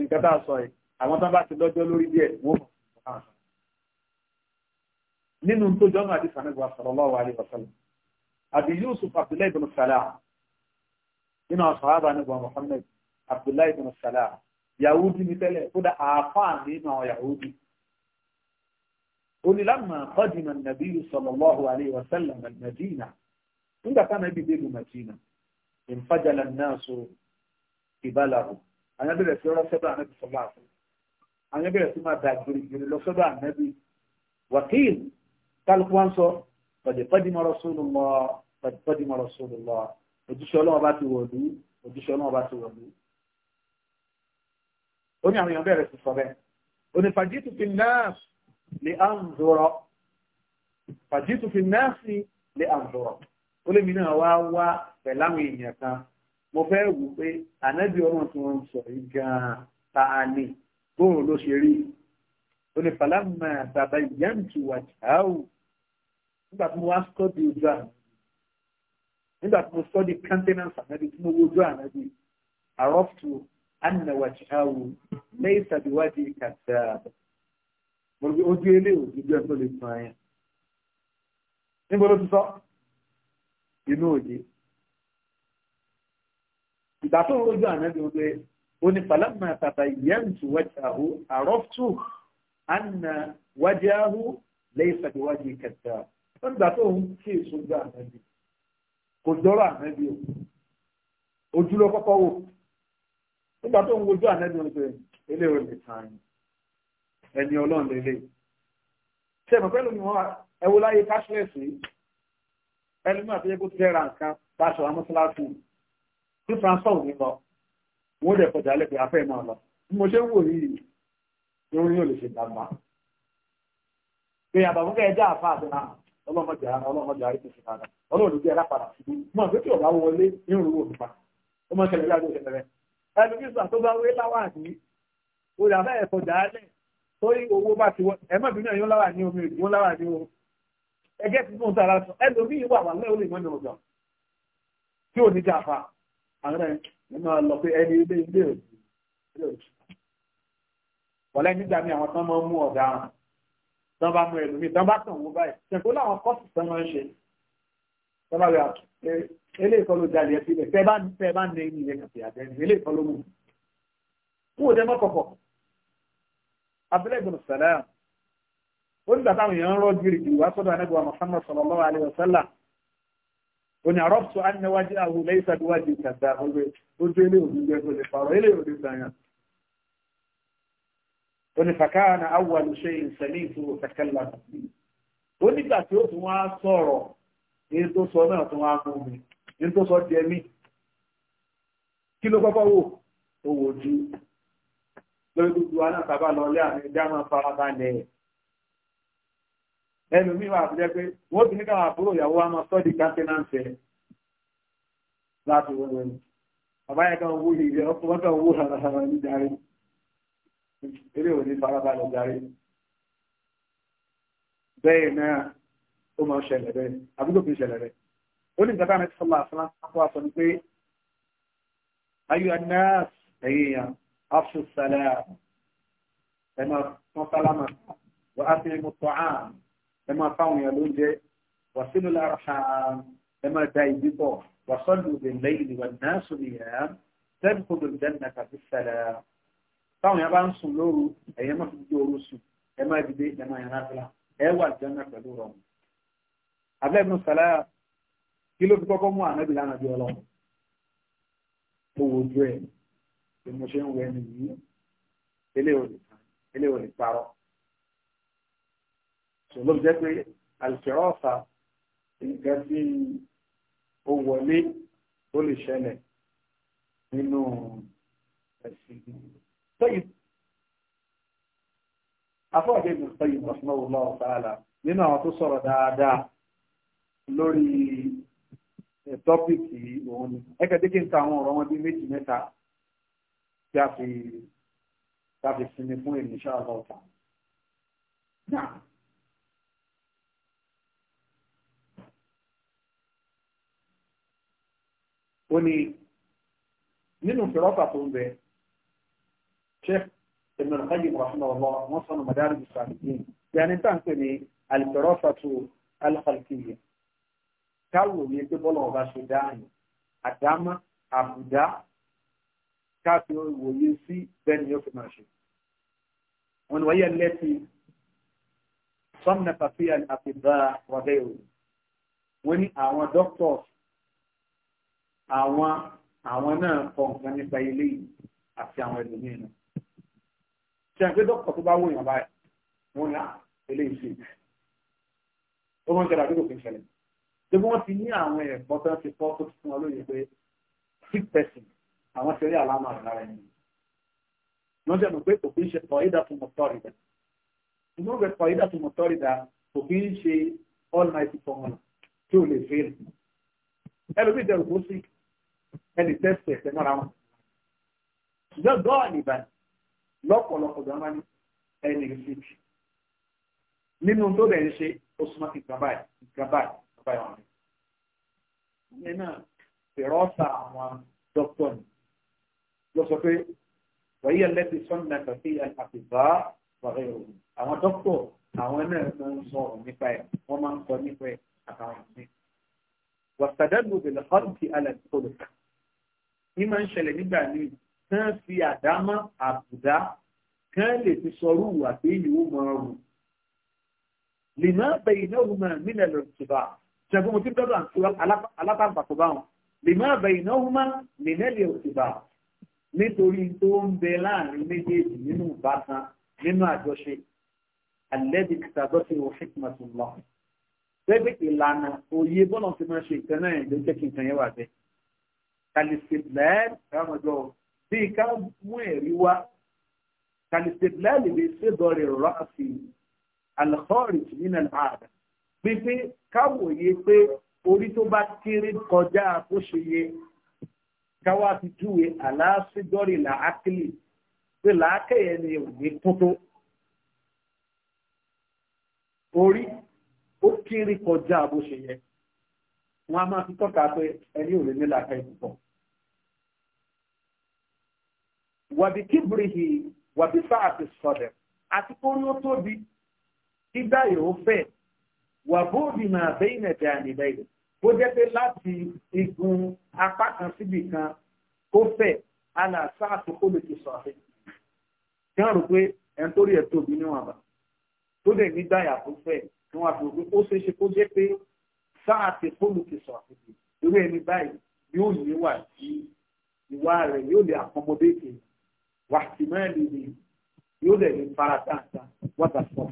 S1: nǹkan tá a sọ yìí àwọn tó bá ti lọ́jọ́ lórí díẹ̀ wọn mọ nínú tó di àti wa sallallahu alaihi wasallam àbí yusuf abdullah ibn salah ina sahaba ne nígbà muhammad abdullah ibn salah yahudi ní tẹ́lẹ̀ ko dá afa ni àwọn yahudi onílànà qadima nàbíyù sallallahu alaihi wasallam al-madina nígbà táwọn ẹbí dé lu madina ìfàjàlá náà so ìbálàbò àwọn ẹbí rẹ̀ sí ọ̀rọ̀ sọ́dọ̀ ànábì sọ́lá àfẹ́ àwọn ẹbí rẹ̀ sí máa dà gbèrègbèrè lọ sọ́dọ̀ ànábì wàkíìlì kálukú wá ń sọ pàdépàdìmọ̀ rasulullah pàdépàdìmọ̀ rasulullah òjíṣẹ́ ọlọ́wọ́ bá ti wọ̀lú òjíṣẹ́ ọlọ́wọ́ bá ti wọ̀lú. ó ní àwọn èèyàn bẹ̀rẹ̀ sí sọ bẹ́ẹ̀ onífàjítù fi nọ́ọ̀sì lè à ń zọrọ̀ fàjítù fi nọ́ọ̀sì lè à ń zọrọ̀ ó lè mi náà wá wá pẹ̀láwọn èèyàn kan mo fẹ́ wù pé ànábì ọlọ́run tí wọ́n ń sọ yìí gan-an ta ni bóun ló ṣe rí onífàlámà bàbá ìyá ń tu nígbà tí mo wá sọ́ọ̀dì ojú àná nígbà tí mo sọ́ọ̀dì countenance ànábi tí mo wo ojú ànábi àrọ́fù ànàwàjáwò lẹ́yìn tàbíwádìí kàtà mo rí ojú ilé òjòjú ẹ̀ tó lè tún ayà níbo ló ti sọ inú òjì ìgbà tó ń rojú ànábi wọn pé onífàlámà tàbá ìyẹ́ǹtù wájáhu àrọ́fù ànàwájáhu lẹ́yìn tàbíwádìí kàtà wọ́n gbà tó ń kí èso gba ànábì kò jọrọ ànábì o ojú ló kọ́kọ́ wò nígbà tó ń wojú ànábì wọn pé eléyìí ò lè tàn ẹni ọlọ́run lélẹ̀ ṣe mọ̀ pẹ́lú mi wọ́n ẹ wo láyé cashless yìí ẹni mú àtẹ́yẹ́ kó ti fẹ́ ra nǹkan báṣọ amúsíláṣù tí transfer ò ní lọ wọ́n dẹ̀ kọjá lẹ́pẹ́ afẹ́ máa lọ bí mo ṣe ń wò yìí lórí yóò lè ṣe dàgbà pé àbàmúkẹ́ ẹja àfa àti náà ọlọ́mọdé ara ọlọ́mọdé ara ìpèsè ara ọlọ́run jẹ́ alápàdà síbi mọ̀ pé kí ọ̀gá wọlé irun wò nípa ó máa ń ṣẹlẹ̀ láti ìṣẹ̀lẹ̀ rẹ̀ ẹnu kí sà tó bá wé láwà ní orí abẹ́ ẹ̀fọ́ dàálẹ̀ torí owó bá ti wọ ẹ̀mọ́ ìbí náà yóò láwà ní omi òdìwọ́n láwà ní o ẹgẹ́ ti fún tara sọ ẹlòmíì wà wà lẹ́wọ́ lè mọ́ ní ọjà tí ò ní jàfa àwọn ẹ̀ nínú lọ pé ẹni ilé ilé òjì wọ̀lẹ́ nígbà mi àwọn tán máa ń mú ọ̀daràn tán bá mú ẹlòmí tán bá tàn wọ́n báyìí ṣẹ̀kó láwọn kọ́ọ̀sì tán máa ń ṣe tán bá rẹ̀ eléyìí kọ́ ló jalè ẹbí rẹ̀ tẹ́ bá ní tẹ́ bá ní ẹni rẹ̀ kàtì àtẹ́ni eléyìí kọ́ ló mú un wò dé mọ́kọ̀kọ̀ abúlé gbọ̀n sẹ̀lẹ̀ ó ní bàtà èèyàn rọ́ gírí kiri wá sọ́dọ̀ anábìwá Muhammad sallallahu alaihi wasallam ó ní àrọ́pùtù àníwájú àhùlẹ́ ìsàdíwájú ìkàdà ọgbẹ́ ojú ilé òdìgbẹ́ tó lè parọ́ ilé òdìgbẹ́ ó ní fàkàánà awàlù ṣe ìṣẹ̀lí ìṣòro tẹ̀kẹ́lá sí ó nígbà tí ó tún wá sọ̀rọ̀ ní tó sọ náà tún wá mú mi ní tó sọ di ẹmí kí ló kọ́kọ́ wò ó wò ju lórí gbogbo wa náà sábà lọ lé àmì ìjà máa fara balẹ̀ ẹnu mi wà fúnjẹ pé wọ́n ti ní káwọn àbúrò ìyàwó wa máa sọ́ọ̀dì káńtẹ́náńtẹ́ láti wọ́n wọ́n yẹn kan wó ìrẹ́ ọkọ̀ kan wó rárá rárá eré òní farabalẹ̀ darí bẹ́ẹ̀ náà ó máa ṣẹlẹ̀ bẹ́ẹ̀ àbúrò fi ṣẹlẹ̀ rẹ̀ ó ní ìjọba àti sọlá àfọlá àpò àsọ ni pé ayé anáàs ẹ̀yìn yẹn afṣùsàlẹ̀ ẹ̀ máa tán sálámà wà á fi mú tọ́ àn ẹ̀ máa fáwọn èèyàn lóúnjẹ wà sínú lára ṣáà ẹ̀ da ìdí pọ̀ wà sọ́lù bẹ̀ lẹ́yìn ìwà náà sùn nìyẹn tẹ́lifù bẹ̀ jẹ́ nàkàtí sẹ́lẹ̀ táwọn yẹn bá ń sùn lóru ẹ̀yẹ́ má fi gbé ooru sùn ẹ má dìde ẹ má yẹn ráfíà ẹ wà jẹ́nà pẹ̀lú rọrùn. abẹ́ ibùdó sàlàyà kí ló fi kọ́kọ́ mú ànábì lánàá bí ọlọ́run tó wo ojú ẹ̀ bí mo ṣe ń wẹ ẹni yìí eléyò lè parọ́. sọlọ́ jẹ́ pé àlùfẹ́rọ́ ọ̀sà nǹkan tí ó wọlé tó lè ṣẹlẹ̀ nínú ẹ̀sìn ìgbìmọ̀. طيب àfọ́ọ̀dé ibn al-Qayyim rahimahullah ta'ala nínú àwọn tó لوري dáadáa lórí tọ́pìkì òun ni ẹgbẹ̀dẹ́ kí n ta àwọn ọ̀rọ̀ wọn bí méjì mẹ́ta tí a fi tàbí sinmi fún èmi ṣáàlọ́ ọ̀tà ó ní nínú fìrọ́pà tó ń bẹ sheikh ibn al-qayyim rahimahullah wọ́n sọnù madarij as-salikin yàní tá à ń pè ní al-firasatu al-khalqiyya káwò ní pé bọ́lá ọba ṣe dáhùn àdámá àbùdá káfí òwòye sí bẹ́ẹ̀ ni yóò fi máa ṣe. wọn wáyé lẹ́tì sọ́mnà pàfíà àfìbá wàbẹ́ òru wọ́n ní àwọn doctors àwọn àwọn náà kọ nǹkan nípa ilé yìí àti àwọn ẹlòmíràn ṣe àgbẹ̀ dọ́kítọ̀ tó bá wò yàn báyìí wọn ni eléyìí ṣe ó máa ń jẹrà àdúgbò kì í ṣẹlẹ̀ gbogbo wọn ti ní àwọn ẹ̀kọ́ tó ti kọ́ tó ti fún wọn lóye pé sick person àwọn ṣe rí àlámà rẹ̀ lára ẹni wọ́n jẹ́ mọ̀ pé kò kí ń ṣe kọ̀ ìdá tó mọ̀ tọ́rì dá ṣùgbọ́n bẹ̀ kọ̀ ìdá tó mọ̀ tọ́rì dá kò kí ń ṣe all night formula tí ò lè fail ẹlòmíì dẹrù kó sick ẹni tẹ́sì ẹ̀sẹ̀ mọ́ra wọn ṣùgbọ́n lọ́pọ̀lọpọ̀ gbàmá ní ẹni rìsíìtì nínú tó lẹ̀ ń ṣe ó súnmọ́ ìgbàbáì ìgbàbáì ìgbàbáì wọn ni. ìyẹn náà fèrọ́sà àwọn dókítà ni lọ sọ pé wàyí ẹlẹ́bi sọ́nà kàfí àtìbá wàhẹ́ òun àwọn dókítà àwọn náà máa ń sọ̀rọ̀ nípa ẹ̀ wọ́n máa ń sọ nípa ẹ̀ àtàwọn ìdílé. wàtàdánù bẹ̀rẹ̀ hàn ti alẹ́ tó lè kà. ní kán fi àdámọ́ àbùdá kán lè fi sọrú ìwà pé ìyíwó máa rù lèmọ́ bẹ̀yìn náà wù máa nílẹ̀ lọ tìbà ṣẹ́gun mo ti dọ́dọ̀ alábàbàtọ̀ bá wọn lèmọ́ bẹ̀yìn náà wù máa nílẹ̀ lọ tìbà nítorí tó ń bẹ láàrin méjèèjì nínú ìbátan nínú àjọṣe alẹ́bí kìtàgọ́sí wọ hikmatulọ. Bẹ́ẹ̀bi ìlànà òye bọ́lá ti máa ṣe ìtẹ́ náà ló jẹ́ kí n tàn yẹn wà bẹ́ẹ̀. Kàlìsì lẹ́ẹ̀ rámọ́jọ́ bíi ká mú ẹ̀rí wá kàlìsìtìláàlì lè ṣèdọ̀ rẹ̀ rọ́ àti alkhọ́rì nínú àdá pípé káwòye pé orí tó bá kéré kọjá bó ṣe yẹ káwá ti júwe aláṣídọ́rì làákìlì pé làákẹ́yẹ ni òní tuntun orí ó kéré kọjá bó ṣe yẹ wọn a máa fi tọ́ka pé ẹni ò lè ní làákẹ́yẹ púpọ̀ wàbí kíbrìhì wàbí sáàtì sọ̀dẹ̀ àti kó ló tóbi dídá yòó fẹ̀ wàbóòdì máa bẹ́yìn ẹ̀dẹ̀ àníbẹ̀ yìí bó jẹ́ pé láti igun apá kan síbì kan kó fẹ̀ àlà sáàtì kó lè ti sọ àfẹ́ kí wọ́n rò pé ẹni tó rí ẹ̀ tóbi níwọ̀n àbá tó dẹ̀ ní dáyà tó kí wọ́n àti òkú ó ṣeéṣe kó jẹ́ pé sáàtì kó ti sọ àfẹ́ irú ẹni báyìí yóò níwà sí ìwà rẹ̀ yóò lè àkọmọdé kìí wàhálìmọ́ẹ̀lì ni yóò lè ní faradàta wọ́dà sọ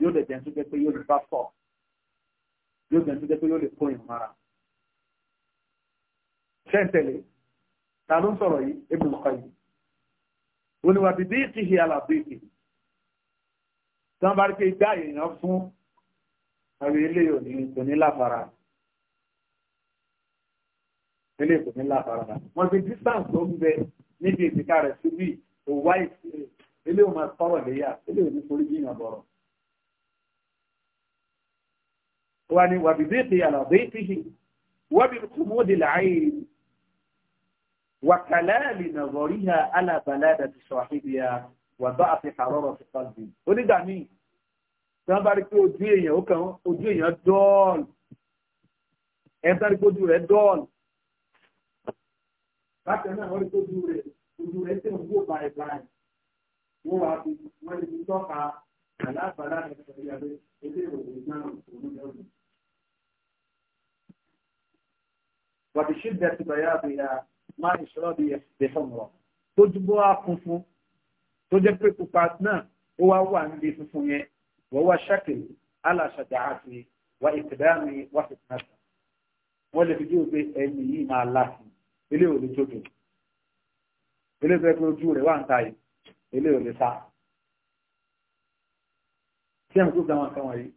S1: yóò lè jẹun tó jẹ́ pé yóò lè bá sọ yóò jẹun tó jẹ́ pé yóò lè kó ìmọ̀ra. ṣẹ́ǹtẹ̀lẹ̀ ta ló ń sọ̀rọ̀ yìí ebi nǹkan yìí oníwàbí bí ìtìhì alábìkì tí wọ́n bá rí pé igbá èèyàn fún àwọn ilé òní kò ní láfara ilé kò ní láfara wọ́n fi distance ló ń bẹ níbi ìsìnká rẹ̀ síbí kò wá ìsìn ilé ò máa sọ̀rọ̀ léyà ilé ò ní forí yíyan bọ̀rọ̀. wà ní wàbí bí ètè àlàbé tìhì wàbí kùmọ́dé làáyé wàkàlà lè nà rọ̀rí ha alábàlá àti sọ̀hídìí ha wàbá àti àrọ̀rọ̀ ti pàdé. onígbà míì tí wọ́n bá rí pé ojú èèyàn ó kàn ojú èèyàn dọ́ọ̀lù ẹ̀ bá rí pé ojú rẹ̀ dọ́ọ̀lù bákan náà wọ́n rí ojú rẹ̀ ojú rẹ̀ tí wọ́n gbó báyìí báyìí wọ́n wá fi wọ́n lè fi tọ́ka àlàbàlà ẹ̀sọ̀rí abẹ́ ilé ìròyìn náà olùdókòwò. وبشدة بياضها ما يشرب بحمرة tójúbọ́ á funfun tó jẹ́ pé pupa náà ó wá wà níbi funfun yẹn wọ́n wá ṣàkèrè aláṣàjà àti wà ìtìdáàmì wà fìtìmọ́sà wọ́n lè fi dúró pé ẹni yìí máa láti ilé ò lè jókè ilé fẹ́ pé ojú rẹ̀ wà ń ta yìí ilé ò lè sá tí àwọn tó gba àwọn kan wọ̀nyí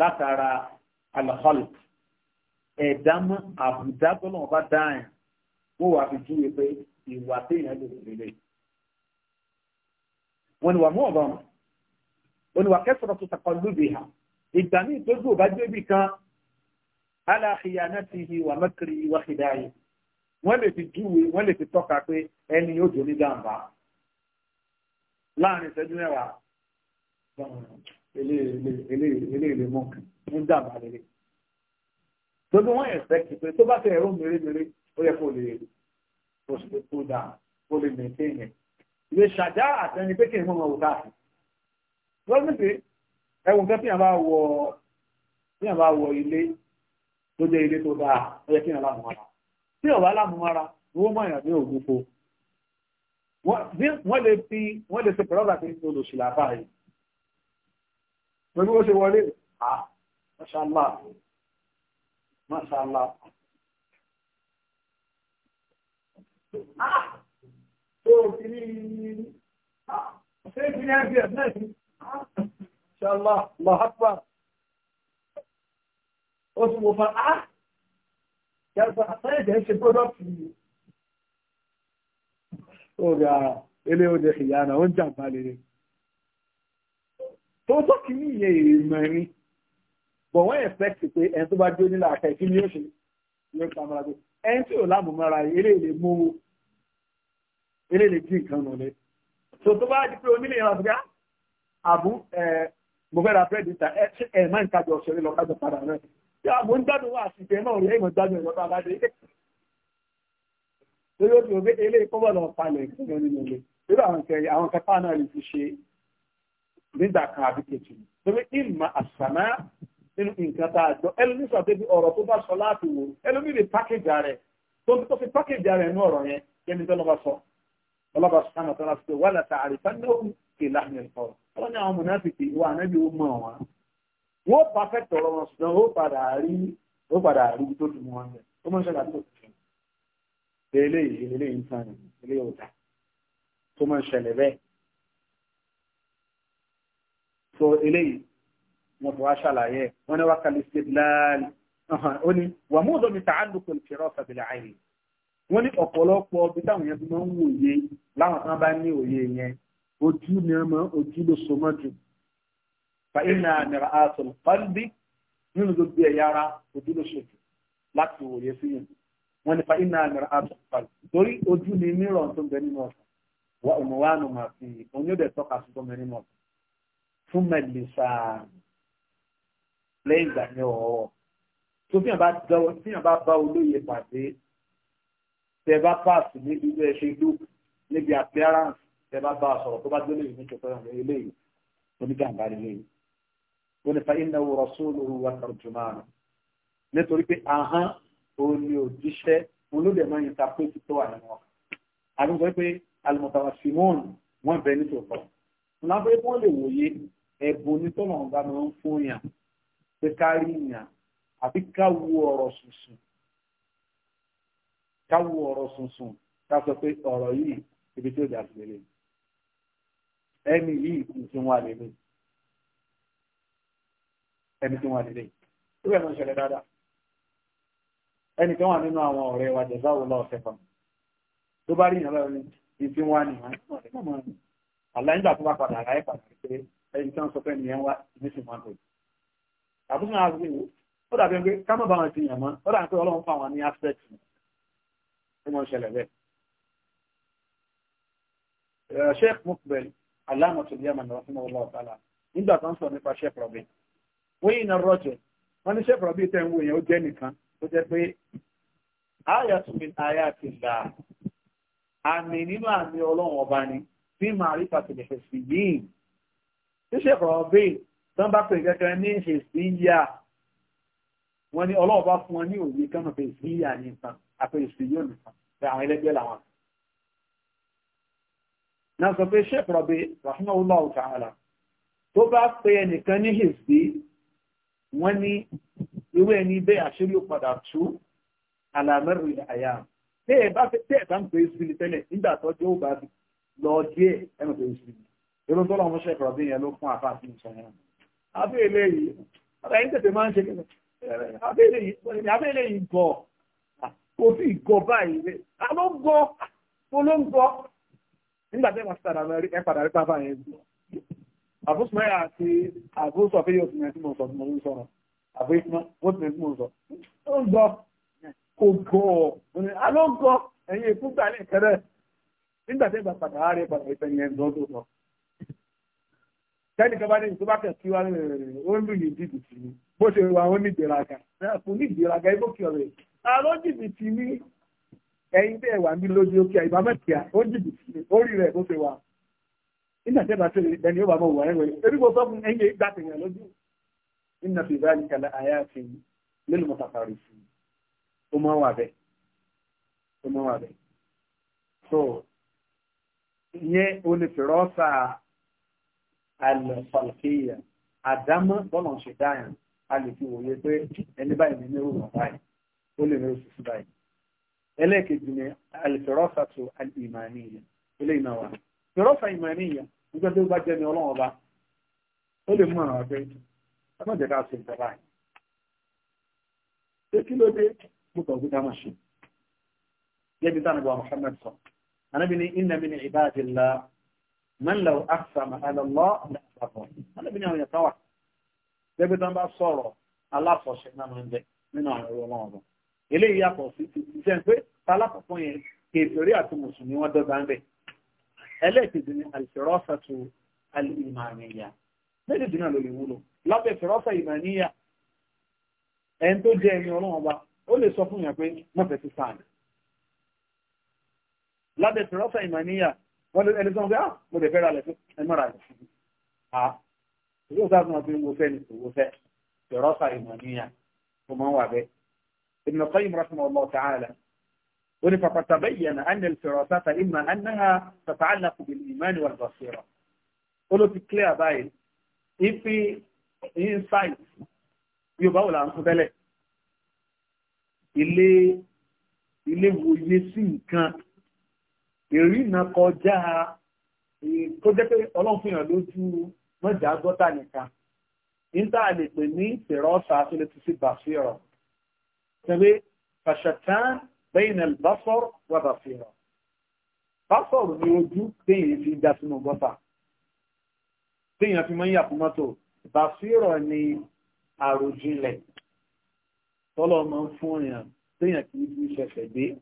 S1: látara alaholic ẹ̀dámọ́ àbùdá tọ́lọ́ ọba dáhìn wọ́n wà fi júwe pé ìwà téèyàn lè lè lè wọ́n ni wà mú ọ̀bọ̀n wọ́n ni wà kẹ́sọ̀rọ̀ tó sàkọ́ lóde hà ìgbà míì tó dùn ò bá gbé bì kan ala khiyanatihi wa makri wa khidai wọ́n lè fi júwe wọ́n lè fi tọ́ka pé ẹni yóò jò ní jàǹbá láàrin ìṣẹ́jú mẹ́wàá eléèlé mọ́kàn ń jàǹbá lélẹ̀ tó bí wọ́n ẹ̀fẹ́kì pé tó bá fẹ́ ẹ̀rọ mèremère ó yẹ kó lè tó dà kó lè mẹ̀tẹ́yìn ẹ̀ lè ṣàjá àtẹni pé kí n mọ̀ wò káàkiri lọ́sìn ẹ̀wùn kẹ́ tí yàn bá wọ ilé tó jẹ́ ilé tó dáa ó yẹ kí èèyàn lámùmára tí ọ̀wá lámùmára owó mọ̀ èèyàn ní ògúnfo wọ́n lè fi wọ́n lè ṣe pẹ̀lọ́gà tí ó lò ṣìlá báyìí pẹ̀lú bó ṣe wọlé à mọ́ṣálá mọ́ṣálá tó kí ní ṣé ìpínlẹ̀ ẹgbẹ̀rún náà ṣálá lọ́hápàá ó sì wò fún ah yàtọ̀ àtẹ́jẹ̀ ń ṣe pọ́dọ̀tì yìí ó ga ah, ilé oúnjẹ ìyára ó ń jàǹbá lére tó tó kì í yẹ èèmọ̀ ni bọ̀ wọ́n expect pé ẹni tó bá dé nílà àkà ìkíni yóò ṣe yóò ká mọ́ra pé ẹni tí ò lámùmọ́ra eré lè mú eré lè dín nǹkan nù lé so tó bá di pé onílé yẹn lọ́sọ̀gá ah, àbú mo fẹ́ ra búrẹ́dì ta ẹ̀ máa ń kájọ ṣeré lọ kájọ padà náà tí a mọ̀ ń gbádùn wà sí ìfẹ́ náà rẹ̀ ìmọ̀ gbádùn ìjọba aládé lórí ó ti rò pé ilé ìkọ́bọ̀ lọ palẹ̀ ìpínlẹ̀ nínú ilé lórí àwọn kẹrì àwọn kẹfà náà lè fi ṣe nígbà kan àbí kejì lórí ìmọ̀ àṣàmá nínú nǹkan tá a jọ ẹlòmí sàbẹ̀bí ọ̀rọ̀ tó bá sọ láti wò ẹlòmí lè pákéjì rẹ̀ tó ń tó fi pákéjì rẹ̀ nú ọ̀rọ̀ yẹn kẹ́ni tó lọ́ba sọ ọlọ́ba sọ wọ́n bá fẹ́ tọ̀rọ̀ wọn ṣùgbọ́n ó padà rí ó padà rí tó dùn wọn rẹ̀ ó mọ̀ ṣẹlẹ̀ àdúgbò tuntun ilé ilé ìtàn ilé ọ̀dà tó mọ̀ ṣẹlẹ̀ bẹ́ẹ̀ so ilé wọn bọ̀ wá ṣàlàyé wọn ní wákàlì stedlal ó ní wà mú ọ̀dọ́ mi ta àdúgbò ìfìrọ̀ sàbìlà àìrí wọ́n ní ọ̀pọ̀lọpọ̀ bí táwọn yẹn ti máa ń wòye láwọn kan bá ní òye yẹn ojú ni wọ́n ojú ló so mọ́ jù fàyínà mìíràn àtọ̀lù pàdé nínú gbogbo ẹ̀yà ara ojú ló ṣètò láti wòye sí yẹn wọn ni fàyínà mìíràn àtọ̀lù pàdé torí ojú ni mìíràn tó ń bẹ nínú ọ̀sán wà òmùwánu máa fi òun yóò dẹ̀ tọ́ka sí tó ń bẹ nínú ọ̀sán fún mẹ́lìsà lẹ́yìn ìgbà ní ọ̀ọ́ tó fíyàn bá bá olóye pàdé tẹ bá pàṣẹ níbi ilé ẹṣẹ lóòkù níbi appearance tẹ bá bá a sọ̀rọ̀ tó bá gbé lóye ní kẹfẹ́ ọ̀rọ̀ eléyìí onígbàǹgbà eléyìí ó ní fàyínà wò rasuluhu wa tarjumanu nítorí pé ahán òun ni òjíṣẹ́ olóde máa ń yin tapé ti tó wà nínú ọkọ àdúgbò pé alimọtawasimun wọn bẹ nítòótọ́ lábẹ́ wọn lè wòye ẹ̀bùn onítọ̀nà ọ̀gá máa ń fún yàn pé ká rí yàn àbí ká wo ọ̀rọ̀ sùnsùn ká wo ọ̀rọ̀ sùnsùn ká sọ pé ọ̀rọ̀ yìí ibi tí ó jà sí ẹni yìí kì í tún wà lélẹ̀ ẹni tí wọ́n nílé tó bẹ̀rẹ̀ ló ń ṣẹlẹ̀ dáadáa ẹni tí wọ́n nínú àwọn ọ̀rẹ́ wa jẹ̀sà wò lọ́ọ̀ṣẹ́ kan tó bá rí ìyànlọ́ ní ibi wọn ni àlàyé tó bá padà ráyè padà pé ẹni tí wọ́n sọ pé nìyẹn wá ìmísìn wọn kò àbúrò náà wí wò ó dàbí pé ká má báwọn ti yàn mọ́ ó dàbí pé ọlọ́run fún àwọn ní aspect tí wọ́n ṣẹlẹ̀ bẹ́ẹ̀. Sheikh Mukbel alámọ̀tòlíyàmọ̀ ní wọ́n fún ọlọ́ọ̀tàlá nígbà tó ń sọ nípa Sheikh Robin wọ́n iná rọ́jọ̀ wọ́n ní sẹ́fọ̀rọ̀ bíi tẹ́ ń wò yẹn ó jẹ́ nìkan tó jẹ́ pé ayàtúmí ayé àti là àmì nínú àmì ọlọ́run ọba ni bí màá rí pàtàkì ẹ̀sìn yìí tí sẹ́fọ̀rọ̀ bíi tí wọ́n bá pè kankan ní ẹ̀sìn yá wọ́n ní ọlọ́run bá fún wọn ní òye kán mọ̀ pé ẹ̀sìn yá ní nǹkan àpè ẹ̀sìn yóò nìkan pé àwọn ẹlẹ́gbẹ́ làwọn. náà pé sẹ́fọ̀rọ̀ bíi rahman allah ta'ala tó bá pe ẹnìkan ní ẹ̀sìn wọ́n ní irú ẹni bẹ́ẹ̀ àṣírí ó padà tú àlàmẹ́rù àyà tẹ́ ẹ bá fẹ́ tẹ́ ẹ bá ń pè é síbi tẹ́lẹ̀ nígbà tọ́jú ó bá lọ díẹ̀ ẹ ń pè é síbi irú tó lọ́wọ́ ṣe kọ̀ọ̀bí yẹn ló fún àfáà sí ìṣọ̀yẹn náà abẹ́ẹ̀lẹ́ yìí ọ̀rẹ́ yìí tètè máa ń ṣe kẹ́lẹ̀ abẹ́ẹ̀lẹ́ yìí gọ̀ kò sí ìgọ̀ báyìí rẹ̀ alóńgọ̀ olóńgọ̀ nígbà tẹ́ ẹ máa ṣe tàdà ẹ àbúsùmáyà àti àbúsọ̀ fẹ́ yóò fi mẹ́rin tí mo sọ mo ń sọ̀rọ̀ àbúsùmá wọ́n ti mẹ́rin tí mo sọ ó ń gbọ́ kò gọ́ ọ̀ ní alóńgọ́ ẹ̀yìn ìfúgbà ní ìkẹrẹ́ nígbà tí ìgbà padà á rí padà ìfẹ́ yẹn lọ́ tó sọ. tẹ́nìkan bá ní ìtúbà kan kí wá ó ń lù yìí jìbìtì ni bó ṣe wà ó ní ìgbéraga kò ní ìgbéraga ibò kí ọ̀rẹ́ àlọ́ jìbìtì ni ẹ̀yin tẹ́ wà ní lójú ó kí nígbà tẹ́ bá tó lè dẹni yóò bá mọ̀ wọ̀ ẹ̀rọ yìí erí kò sọ fún ẹ̀yìn ìgbà tèèyàn lójú nínú fi bá nìkan lẹ àyà fi nínú mọ̀ sàfàrì sí i ó mọ̀ wà bẹ́ẹ̀ ó mọ̀ wà bẹ́ẹ̀ so ìyẹn onífìrọ́sà àlùfàlùfìyà àdámọ́ bọ́lọ̀ ṣe dáyàn a lè fi wòye pé ẹni báyìí ní irú wọn báyìí ó lè ní oṣù sí báyìí ẹlẹ́ẹ̀kejì ni àlùfìrọ́sà tó àlùfìmọ̀ àníyàn eléyìí náà wà ìrọ́fà ìmọ̀ ẹ̀níyàn nígbà tó bá jẹ́ ní ọlọ́run ọba ó lè mú àwọn ọjọ́ ìtù ọgbọ́n jẹ́ ká ṣe ìjọba yìí ṣé kí ló dé mo kàn gbé dámà ṣe gẹ́gẹ́ tá nàbọ̀ Muhammad sọ anábì ní inna min ibadillah man law aqsama ala Allah la àpapọ̀ anábì ní àwọn yẹn káwà gẹ́gẹ́ tá bá sọ̀rọ̀ aláfọ̀ṣẹ́ náà máa ń nínú àwọn ọlọ́run ọba eléyìí yàtọ̀ ẹlẹ́ẹ̀kejì ni àìsèrọ́sà tó alìmọ̀nìyà méjèèjì náà ló lè wúlò lábẹ́ ìsèrọ́sà ìmọ̀nìyà ẹni tó jẹ́ ẹni ọlọ́run ọba ó lè sọ fún yàn pé wọ́n fẹ́ ti sáà lábẹ́ ìsèrọ́sà ìmọ̀nìyà wọ́n lè ẹni sọ́n pé ah mo lè fẹ́ ra lẹ́fẹ́ ẹ mọ́ra rẹ̀ fún mi ah ìlú òsà fún wọn pé mo fẹ́ ni òwò fẹ́ ìsèrọ́sà ìmọ̀nìyà tó máa wà bẹ́ẹ̀ Ibn Qayyim قل فقد تبين أن الفراسة إما أنها تتعلق بالإيمان والبصيرة قلوا في كلير باين إفي إنسايت يبقى ولا أنسو بلك ilé ilé wòye sí nǹkan èrí náà kọjá tó jẹ́ pé ọlọ́run fi hàn lójú mọ́jà gọ́tà nìkan níta lè pè ní ìfẹ̀rọ̀ ọ̀sà tó lè ti sí بين البصر والبصيرة bàṣọ ní ojú téèyàn fi dá sínú بصر ni àròjinlẹ̀ tọ́lọ̀ máa ń في fi da تين في teeyan fi بصيرة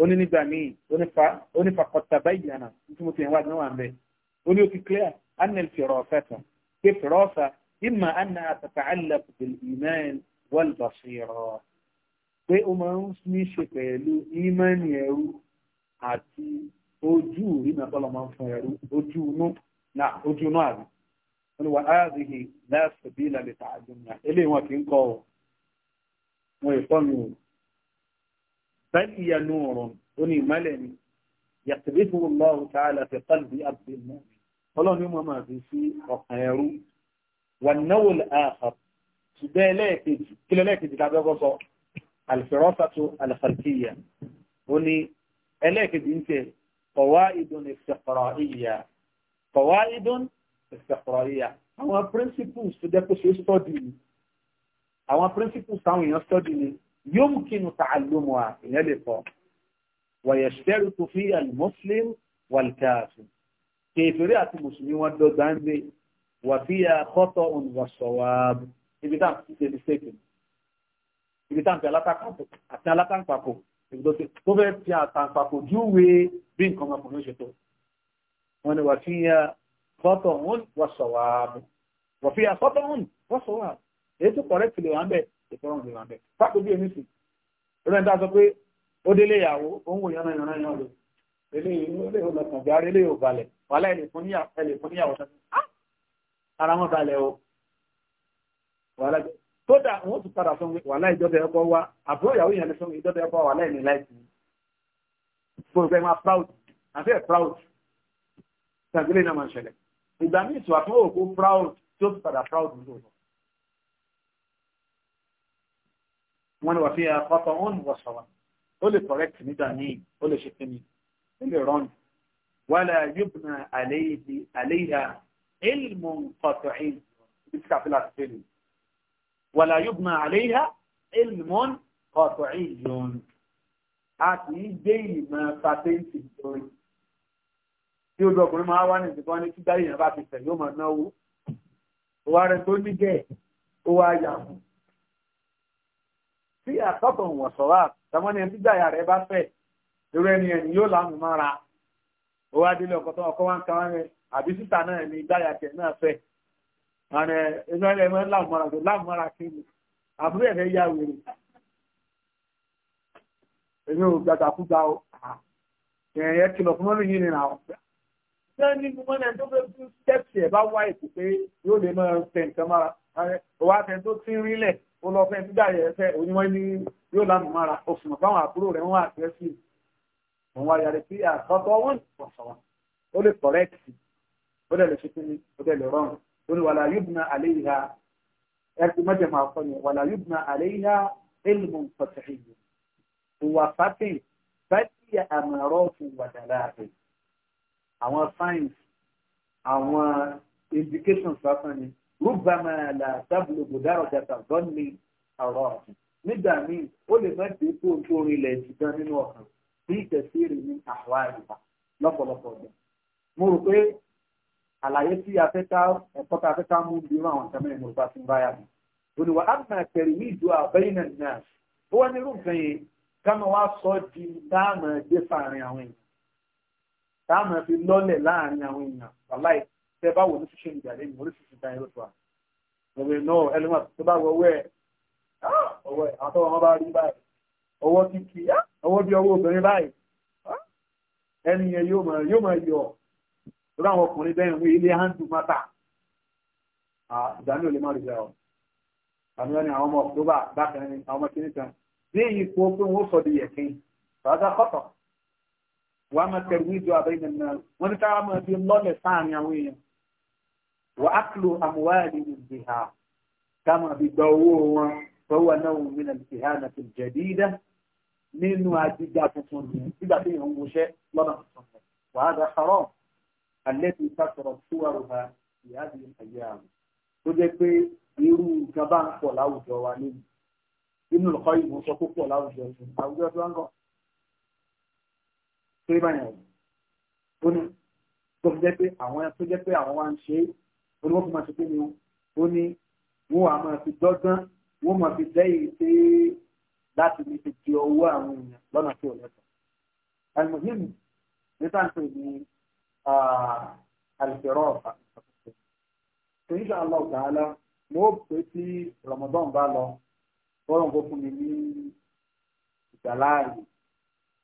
S1: ó من ni تين في maa n Oni ni bani, oni fa, oni fa kota tí mo ti wá ní wà ń bẹ clear anel fìrọ̀ ọ̀fẹ́ tán pé imma ọ̀fà ìmọ̀ anna àtàkà àlẹ́ bìlì ìmẹ́ẹ̀n wọ́n pé ó máa ń ní ṣe pẹ̀lú ímánì ẹrú àti ojú ìrìnà tọ́lọ máa ń fún ẹrú ojú inú náà ojú inú àrí wọn ni wà áàzìhì láàṣẹ bí ìlàlẹ̀ tààjú náà eléyìí wọn kì í kọ ọ wọn ìkọ mi ò bẹ́ẹ̀ ìyá ọ̀rọ̀ ó ní ìmọ́lẹ̀ ni yàtìbí fún ọlọ́run tààlà fi pàlùbí àbúrò náà ọlọ́run ni wọ́n máa fi sí ọkàn ẹrú wà náwó àhàb الفراسة الخلقية هني ألاك أنت قواعد استقرائية قواعد استقرائية àwọn principles tó jẹ́ kó ṣe study ni àwọn principles táwọn èèyàn study ni yumkinu ta'allumuha èèyàn lè kọ́ wa yashtaritu fiha al-muslim wal-kafir kèfèrè àti mùsùlùmí wọn dọ́gba ń gbé wa fiha khata'un wa sawab ibi táwọn ti ṣe mistake ni ibi táǹtì alátàkàpọ̀ àti alátàǹpàpọ̀ ìgbòdòsí tó fẹ́ fi àtàǹpàpọ̀ júwe bí nǹkan ọmọkùnrin ṣe tó wọn ni wà fi hàn fọ́tọ̀ òun wọ́n sọ̀wáàbù wà fi hàn fọ́tọ̀ òun wọ́n sọ̀wáàbù èyí tó kọ̀rẹ́ tìlẹ̀ wọn bẹ̀ ìfọ́rọ̀ ìlú wọn bẹ̀ fáko bí èmi sì rẹ̀ ń dá sọ pé ó délé ìyàwó ó ń wò yànnà yànnà yànnà lò eléyìí ó lè fún níyàwó kódà wọ́n tún padà fún wà láì ìjọba ẹ̀kọ́ wa àbúrò ìyàwó yẹn fún ìjọba ẹ̀kọ́ wà láì ní láìsí fún ìgbà ìwà proud àti ẹ̀ proud tàbílé náà máa ń ṣẹlẹ̀ ìgbà míì tó àtúnwò òkú proud tó tún padà proud ló lọ. wọ́n ní wà fi àkọ́kọ́ wọ́n ní wọ́n ó lè correct nígbà míì ó lè ṣe kíni ó lè rọ́ọ̀nù wàlà yóbùnà àléyà ilmù kọ̀tọ̀ ولا yubna عليها ilmọ́n ọ̀tọ̀ ìjọun a kì í gbé ìmọ̀ pàtẹ́ǹtì lórí tí ojú ọkùnrin máa wá ní ìsìnkú ní kígbà èèyàn bá fi tẹ̀ yóò máa náwó òwà rẹ̀ tó ní bẹ́ẹ̀ ó wá yà wọ́n tí àtọ́kọ̀ wọ̀n sọ̀rọ̀ àtàwọn ẹni tígbà yà bá fẹ̀ irú ẹni ẹni yóò láàmú mára òwà délé ọkọ̀ tó ọkọ̀ wá ń kàwé àbí sísà náà ẹni ìgbà yà náà fẹ̀ ààrẹ ìsọ́lẹ̀ mọ́ láàmọ́ra tó láàmọ́ra kéwù àbúrò ẹ̀fẹ́ yá wèrè èmi ò gbàgbà kú gba ọ ẹ̀yẹ kìlọ̀ fún mọ́mí yìí nìyà ọ̀ ṣé ní gbogbo náà tó fẹ́ fún stẹ́pì ẹ̀ bá wá ètò pé yóò lè máa fẹ́ nǹkan mára ọwọ́ afẹ́ tó ti rí lẹ̀ ó lọ fẹ́ gbígbà yẹ fẹ́ oníwọ́n ní yóò lámù mára òfin fáwọn àbúrò rẹ̀ wọ́n àti ẹ̀sì òun wá yàrá sí àtọ́tọ́ wọn ò lè kọ̀rẹ́ẹ̀tì ó dẹ̀ lè ṣe kí ni ó dẹ̀ lè rọrùn ó ní wàlá yubna àléyìá ẹ̀rí mọ́jẹ̀mọ́ àkọ́ ni wàlá yubna àléyìá ilmu fọ̀tẹ̀hìyù ìwà fàtẹ̀ bẹ́ẹ̀ àmọ̀rọ̀ fún wàdàlá rẹ̀ àwọn science àwọn indications lásán ni rúbàmà là tábìlì gbòdàrọ̀ jàtà gọ́ọ̀nì ọ̀rọ̀ ọ̀sìn nígbà míì ó lè má dé tó tó rinlẹ̀ ìtìtàn nínú ọ̀kan bí ìtẹ̀síìrì ní àwọn àyíká lọ́pọ̀lọpọ̀ ọ̀dọ̀ mo rò pé àlàyé tí a fẹ́ ká ẹ̀kọ́ tá a fẹ́ ká mú bí irú àwọn ìṣẹ́mẹ́rin mo bá ti ń báyà mi. olùwà àgbà kẹrì ní ìdúrà bẹ́yìn náà náà ó wá nírú nǹkan yẹn káma wá sọ di táàmù ẹgbẹ́ fàárín àwọn èèyàn táàmù fi lọ́lẹ̀ láàrin àwọn èèyàn wàláì tẹ bá wò ní ṣíṣe ìgbàlẹ́ mi oríṣiríṣi ta ẹ̀rọ tó wà. òwe náà ẹlẹ́wọ̀n tó bá wọ ọwọ́ ẹ̀ ah, ọwọ́ ẹ̀ àtọ́wọ́ lórí àwọn ọkùnrin bẹ́ẹ̀ wí ilé handu mata ìdánilò lè má rí lẹ́ọ̀ àmì wọn ni àwọn ọmọ october bákan ní àwọn ọmọ kìíní kan ní ipò pé wọn sọ di yẹkin fàdà kọtọ wàá máa tẹrù ìjọ àbẹ́yìn náà wọn ní káwá máa fi lọ́lẹ̀ sáàrin àwọn èèyàn wà á kìlò àmúwáyàdì ìdè ha ká máa fi gba owó wọn fọwọ́ náà wọn mìíràn ti ha nà fi nínú àdìgbà tuntun nígbà tí èèyàn ń lọ́nà tuntun wàá dà sọ̀rọ̀ التي كثرت صورها في هذه الأيام tó jẹ́ pé irú nǹkan bá ń pọ̀ láwùjọ wa lónìí inú ọ̀kọ́ ìmọ̀ sọ pé pọ̀ láwùjọ sí àwùjọ tó ń gàn pé báyìí ó ní tó fi jẹ́ pé àwọn tó jẹ́ pé àwọn wa ń ṣe é ó ní wọ́n fi máa ṣe pé ni ó ní wọ́n á máa fi dọ́gbọ́n wọ́n máa fi dẹ́ èyí pé láti lè fi di owó àwọn èèyàn lọ́nà tí ò lẹ́tọ̀ọ́. àlùmọ̀hìnmù nípa ń pè ní àlùfẹ́rọ̀ọ̀fà tó ní sàlọ́ ọ̀gáàlá mo pè tí Ramadan bá lọ bọ́lọ̀ kó fún mi ní ìgbàláàyè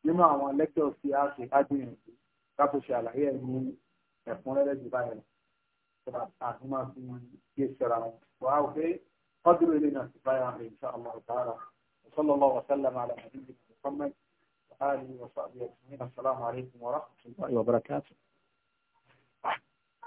S1: nínú àwọn lẹ́kítọ̀ tí a ṣe ágbìyànjú kápò ṣe àlàyé ẹ̀ ní ẹ̀kúnrẹ́rẹ́ jù báyìí lọ àti máa fi gbé ṣẹra wọn wà á pé قدروا إلينا كفاية إن شاء الله تعالى وصلى الله وسلم على نبينا محمد وآله وصحبه أجمعين السلام عليكم ورحمة الله وبركاته